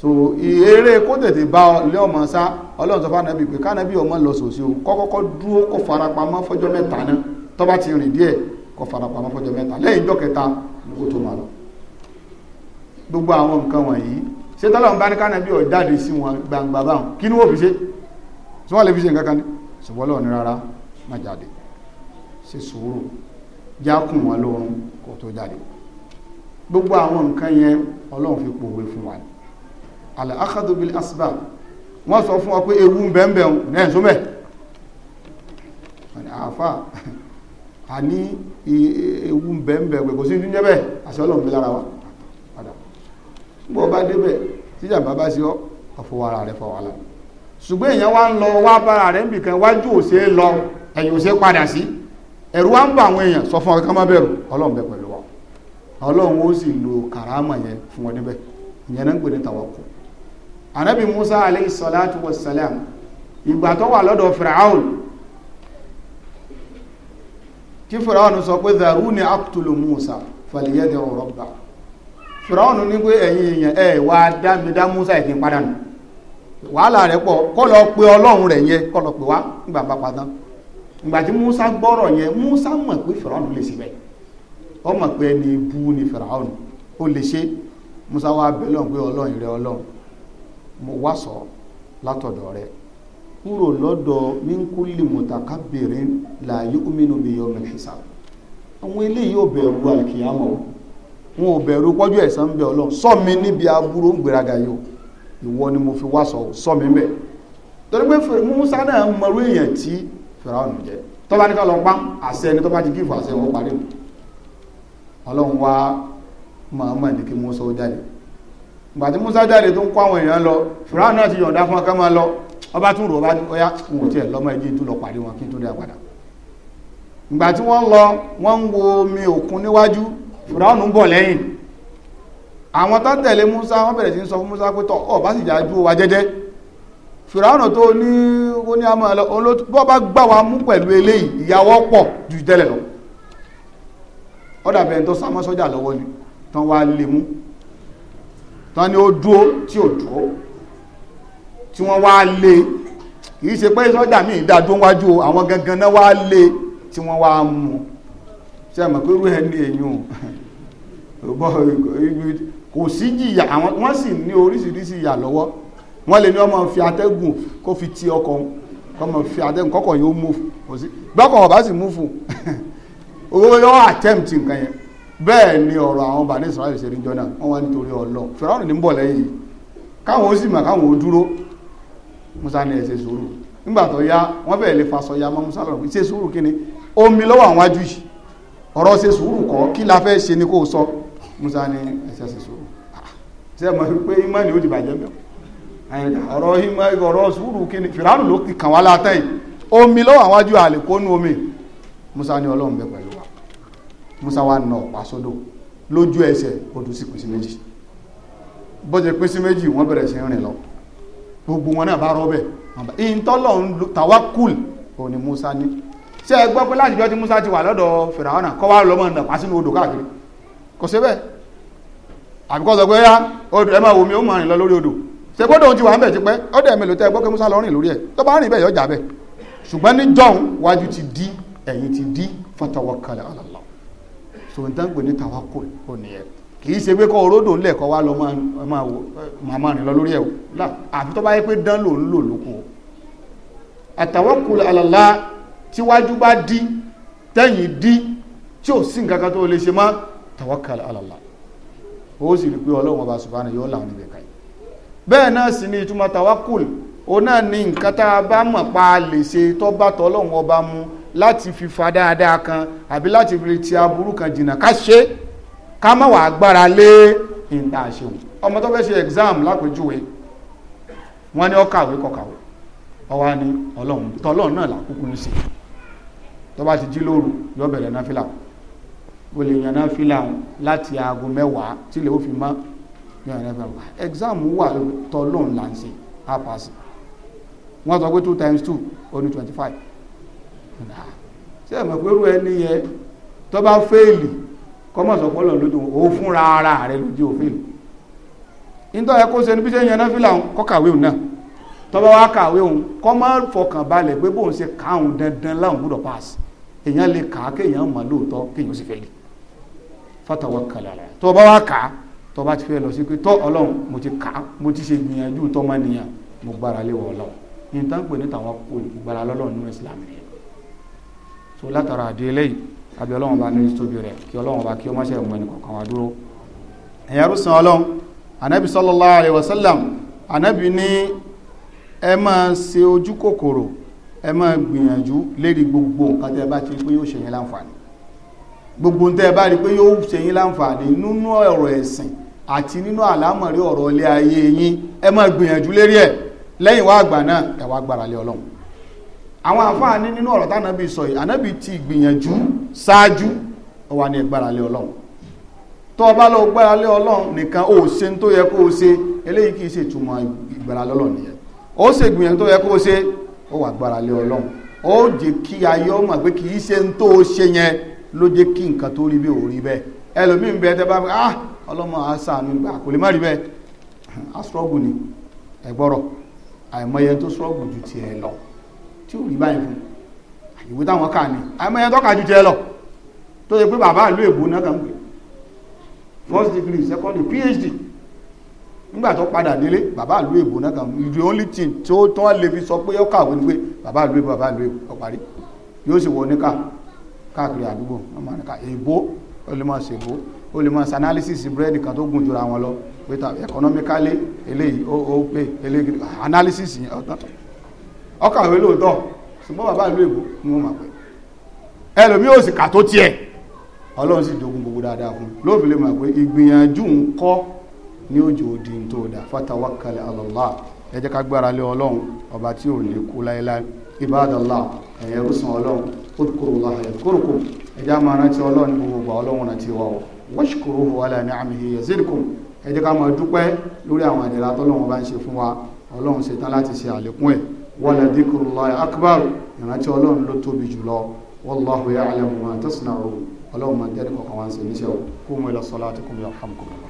[SPEAKER 1] so eré kó tètè bá ilé ọmọ sá ọlọ́run sọ fún anábì pé kánábì ọmọ lọ sòsí o kọ́kọ́kọ́ dúró kó farapamọ́ fọ́jọ́ mẹ́ta náà tó bá ti rìn díẹ̀ kó farapamọ́ fọ́jọ́ mẹ́ta lẹ́yìn ìjọ kẹta kó tó máa lọ gbogbo àwọn nǹkan wọ̀nyí ṣé tọ́lọ́run bá ní kánábì ọ̀ jáde sí wọn gbangba báwọn kí ni wọ́n fi ṣe tí lè fi ṣe nǹkan kan ní ṣùgbọ́n lọ́ọ̀ ní rárá má jáde ṣe sùúrù jákùn wọn lórun kó tó jáde gbogbo àwọn nǹkan yẹn ọlọ́run fi pòwe fún wa àlẹ́ akhadhu bil asbab wọ́n sọ fún wa pé ewu bẹ́ẹ̀bẹ̀ náà súnmẹ̀ àfà a ní ewu bẹ́ẹ̀bẹ̀ kò sí ìdúnjẹ́ bẹ́ẹ̀ àṣẹ ọlọ́run fi lára wa padà gbọ́ bá débẹ̀ tíjà bàbá sí ọ̀fọ̀ ara rẹ̀ fọwọ́ la ṣùgbọ́n èèyàn wá ń lọ wá bára rẹ̀ nbìkan wájú òṣè ẹ̀yìn òṣè sí ẹ̀rù wa ń bá àwọn èèyàn sọ fún ọkàn má bẹ̀rù ọlọ́run bẹ pẹ̀lú wa ọlọ́run ó sì lo kàrámà yẹn fún wọn ìyẹn náà anabi musa salatu wa salam ìgbà tó wà lọ́dọ̀ firaun tí firaun sọ pé dharuni musa faliyadi rabba firaun ní pé ẹ̀yin èèyàn ẹ̀ wá musa wàhálà pọ̀ kọ́ lọ pé ọlọ́run rẹ̀ ìgbàtí Musa gbọ́rọ̀ nye Musa mọ̀ pé Fìràwọ̀n lè ṣe bẹ́ẹ̀ pé ni Fìràwọ̀n o le se Musa wa bẹ́ẹ̀ lọ́n pé Ọlọ́run rẹ mo sọ látọ̀dọ̀ rẹ kúrò minkuli mínkúlì mutakabirin la yu'minu bi yawmil hisab àwọn eléyìí ò bẹ̀rù àkìyàmọ̀ wọn ò bẹ̀rù pọ́jú ẹ̀san bẹ̀ Ọlọ́run sọ níbi aburú ń ìwọ ni mo fi wá sọ torí pé Musa náà mọ̀rú èèyàn fìràwọ̀nù jẹ́ tó bá lọ pa àṣẹ ẹni tó bá ti gífù àṣẹ wọn parí ọlọ́run wá ní Musa ó jáde ìgbà tí Musa jáde tó ń àwọn èèyàn lọ fìràwọ̀nù náà ti yọ̀ǹda fún ọkọ máa lọ ọba tún rò ọyá lọ́mọ ẹjí tó lọ parí wọn kí tó dé àpàdà ìgbà tí omi òkun níwájú ń bọ̀ lẹ́yìn àwọn tó Musa wọ́n bẹ̀rẹ̀ sí Musa pé tọ́ ọ̀ bá sì fìràánà tó ní ó ní àmọ́ ẹ̀lọ́ bọ́ bá gbà wá mú pẹ̀lú eléyìí ìyàwó pọ̀ ju tẹ́lẹ̀ lọ ọ̀dàbẹ̀ tó sámọ́ sọ́jà lọ́wọ́ ni tán wá lè mú tán ni ó dúó tí ò dúó tí wọ́n wá lè kìí ṣe pé sọ́jà míì dádó wájú àwọn gangan náà wá lè tí wọ́n wá mú ṣe mọ̀ pé irú ẹni èèyàn kò sí jìyà wọ́n sì ní oríṣiríṣi ìyà lọ́wọ́ wọ́n lè ní ọmọ fi atẹ́gùn kó fi ti ọkọ̀ ọmọ fi atẹ́gùn kọ́kọ̀ yóò mú kò sí gbọ́kọ̀ ọ̀bá sì mú fún owó yóò attempt nǹkan yẹn bẹ́ẹ̀ ni ọ̀rọ̀ àwọn bàní Israẹli ṣe rí jọ́nà wọ́n wá nítorí ọlọ́ Fíráúnù ní ń bọ̀ lẹ́yìn káwọn ó sì mà káwọn ó dúró Musa ní ẹ ṣe sùúrù nígbà tó yá wọ́n bẹ̀rẹ̀ lè fasọ ya mọ́ Musa lọ́rọ̀ ṣe sùúrù kí ni omi lọ́wọ́ àwọn ajú yìí ọ̀rọ̀ ṣe sùúrù kọ́ kí la fẹ́ ṣe ni kó sọ Musa ní ẹ ṣe sùúrù ah, ṣe mọ̀ pé imọ́ ó ti bàjẹ́ mẹ́wọ́ ọ̀rọ̀ ìmọ̀ ọ̀rọ̀ sùúrù kí ni fìránù ló ti kàn wá látẹ̀yìn omi lọ́wọ́ àwájú àlèkónú omi musa ní ọlọ́run bẹ pẹ̀lú wa musa wa nà ọ̀pá sódò lójú ẹsẹ̀ odò sì pín sí méjì bó ṣe pín sí méjì wọ́n bẹ̀rẹ̀ sí rìn lọ gbogbo wọn náà bá rọ́bẹ̀ ìntọ́lọ̀ tawakul òun ni musa ní ṣe é gbọ́ pé láti tí musa ti wà lọ́dọ̀ fìràwọ̀nà kọ́ wa lọ́mọ nà pa sínú odò káàkiri kò sí bẹ́ẹ̀ àbíkọ́ sọ pé ẹ máa wò mí ó máa rìn lọ lórí odò ṣe gbọ́dọ̀ ohun ti wà ń bẹ̀ ti pẹ́ ọdẹ mélòó tẹ́ gbọ́kẹ́ musa lọ́rìn lórí ẹ̀ tó bá rìn bẹ́ẹ̀ yọ jà bẹ́ẹ̀ ṣùgbọ́n ní jọ̀hún wájú ti di ẹ̀yìn ti di fatawakkal ala Allah so n tán pè ní tawakkul ò nìyẹn kì í ṣe pé kọ́ oródò ńlẹ̀ kọ́ wá lọ máa rìn lọ lórí ẹ̀ o àfi tó bá yẹ pé dán lòún lò lóko àtawakkul ala Allah tíwájú bá di tẹ́yìn di tí ò sí nǹkan kan tó lè ṣe mọ́ tawakkal ala Allah ó sì rí pé ọlọ́run ọba subhanahu yóò làwọn níbẹ̀ káyìí bẹ́ẹ̀ náà sì ni ìtumọ̀ tawakul o náà ní nǹkan tá a bá mọ̀ pa a lè ṣe tó bá tọ́lọ́hún ọba mu láti fi fa dáadáa kan àbí láti fi ti aburú kan jìnnà ká ṣe ká má wàá gbára lé ìta àṣewò ọmọ tó fẹ́ ṣe exam lápèjúwe wọ́n ní ó kàwé kò kàwé ọwọ́ ni ọlọ́run tọ́lọ́run náà làkúkú ń ṣe tó bá ti jí lóru yóò bẹ̀rẹ̀ náfìlà o lè yan náfìlà láti aago mẹ́wàá tílẹ̀ ó fi mọ́ mi ò ní fẹ́ wá exam wà tọ́lọ́n là ń ṣe á pass wọ́n sọ pé two times two ó ní twenty five ṣé ẹ̀ mọ̀ pé irú ẹni yẹn tó bá fẹ́ẹ̀lì kọ́mọ̀ sọ pọ́lọ̀ lójú o fúnra ara rẹ lójú òfin nítorí ẹ kó ṣe níbi iṣẹ́ yẹn náà fìlà òun kọ́ kàwé òun náà tó bá wá kàwé òun kọ́ má fọkàn balẹ̀ pé bóun ṣe káwọn dandan láwọn gbọ́dọ̀ pass èèyàn lè kà á kéèyàn mọ̀ lóòótọ́ kéèyàn sì fẹ́ẹ̀lì fatawakkal ala tó bá wá kà á tó bá ti fẹ́ lọ sí pé tọ́ ọlọ́run mo ti kà á mo ti ṣe gbìyànjú tọ́mọ nìyàn mo gbára lé wọ ọlọ́run yìí tán pè ní tàwọn olùgbàlà lọ́lọ́run nínú islam nìyẹn so látara àdé eléyìí àbí ọlọ́run bá ní tóbi rẹ̀ kí ọlọ́run bá kí ó má ṣe mọ ẹnì kọ̀ọ̀kan wá dúró ẹ̀yà rúsan ọlọ́run anabi sallallahu alayhi wa anabi ní ẹ máa ṣe ojú kòkòrò ẹ máa gbìyànjú lérí gbogbo nǹkan tẹ́ gbogbo nǹkan tẹ́ pé yóò ṣe yín láǹfààní nínú ọ̀rọ̀ ẹ̀sìn àti nínú àlámọ̀rí ọ̀rọ̀ ilé ayé ẹ gbìyànjú lérí ẹ̀ lẹ́yìn wá àgbà náà ẹ wá lé ọlọ́run àwọn nínú ọ̀rọ̀ tánàbí sọ yìí ànábì ti gbìyànjú ṣáájú ọwà wà ní ẹ lé ọlọ́run tó lọ lé ọlọ́run nìkan ó ṣe tó yẹ kó ṣe eléyìí kì í ṣe ìtumọ̀ lọ́lọ́ nìyẹn ó ṣe gbìyànjú tó yẹ kó ṣe ó wà lé ọlọ́run ó kí ọlọ́mọ àṣàánú gbà kò lè má rí bẹ́ẹ̀ aṣọ́ọ̀gù ni ẹ̀gbọ́rọ̀ àìmọye tó ṣọ́ọ̀gù ju tiẹ̀ lọ tí ò rí báyìí fún ìwé táwọn kà ní àìmọye tó kà ju tiẹ̀ lọ tó yẹ pé bàbá ìlú èbó náà kàn pé first degree second degree phd nígbà tó padà délé bàbá ìlú èbó náà kàn the only thing tó tán lè fi sọ pé ó kàwé ni pé bàbá ìlú èbó bàbá ìlú èbó ó parí yóò sì wọ oníkà káàkiri àdúgbò wọn máa ní ká èbó ó lè máa ó lè máa analysis búrẹ́dì kan tó gùn jura wọn lọ pé ta economically eléyìí ó ó pé eléyìí analysis yẹn ọ̀tọ̀ ọkàwé lóòótọ́ ṣùgbọ́n bàbá ìlú èbó ni wọ́n máa pẹ́ sì kà tó tiẹ̀ ọlọ́run sì jogun gbogbo dáadáa fún lóòfin lè máa pé ìgbìyànjú ń kọ́ ní òjò òdì tó dà fatawakkal ala Allah ẹ jẹ́ ká gbára lé ọlọ́run ọba tí ò kú láéláé ọlọ́run washkuruhu ala ni'amihi yazidkum ẹ jẹ́ ká máa dúpẹ́ lórí àwọn ìdẹ̀ra tọ́lọ́run bá ń ṣe fún wa ọlọ́run ṣetán láti ṣe àlékún ẹ̀ wala dhikrullahi akbar ìrántí ọlọ́run ló tóbi jùlọ wallahu ya'lamu ma tasna'un ọlọ́run máa ń kọ̀ọ̀kan wá ń ṣe níṣẹ́ o qumu ila salatikum yarhamkum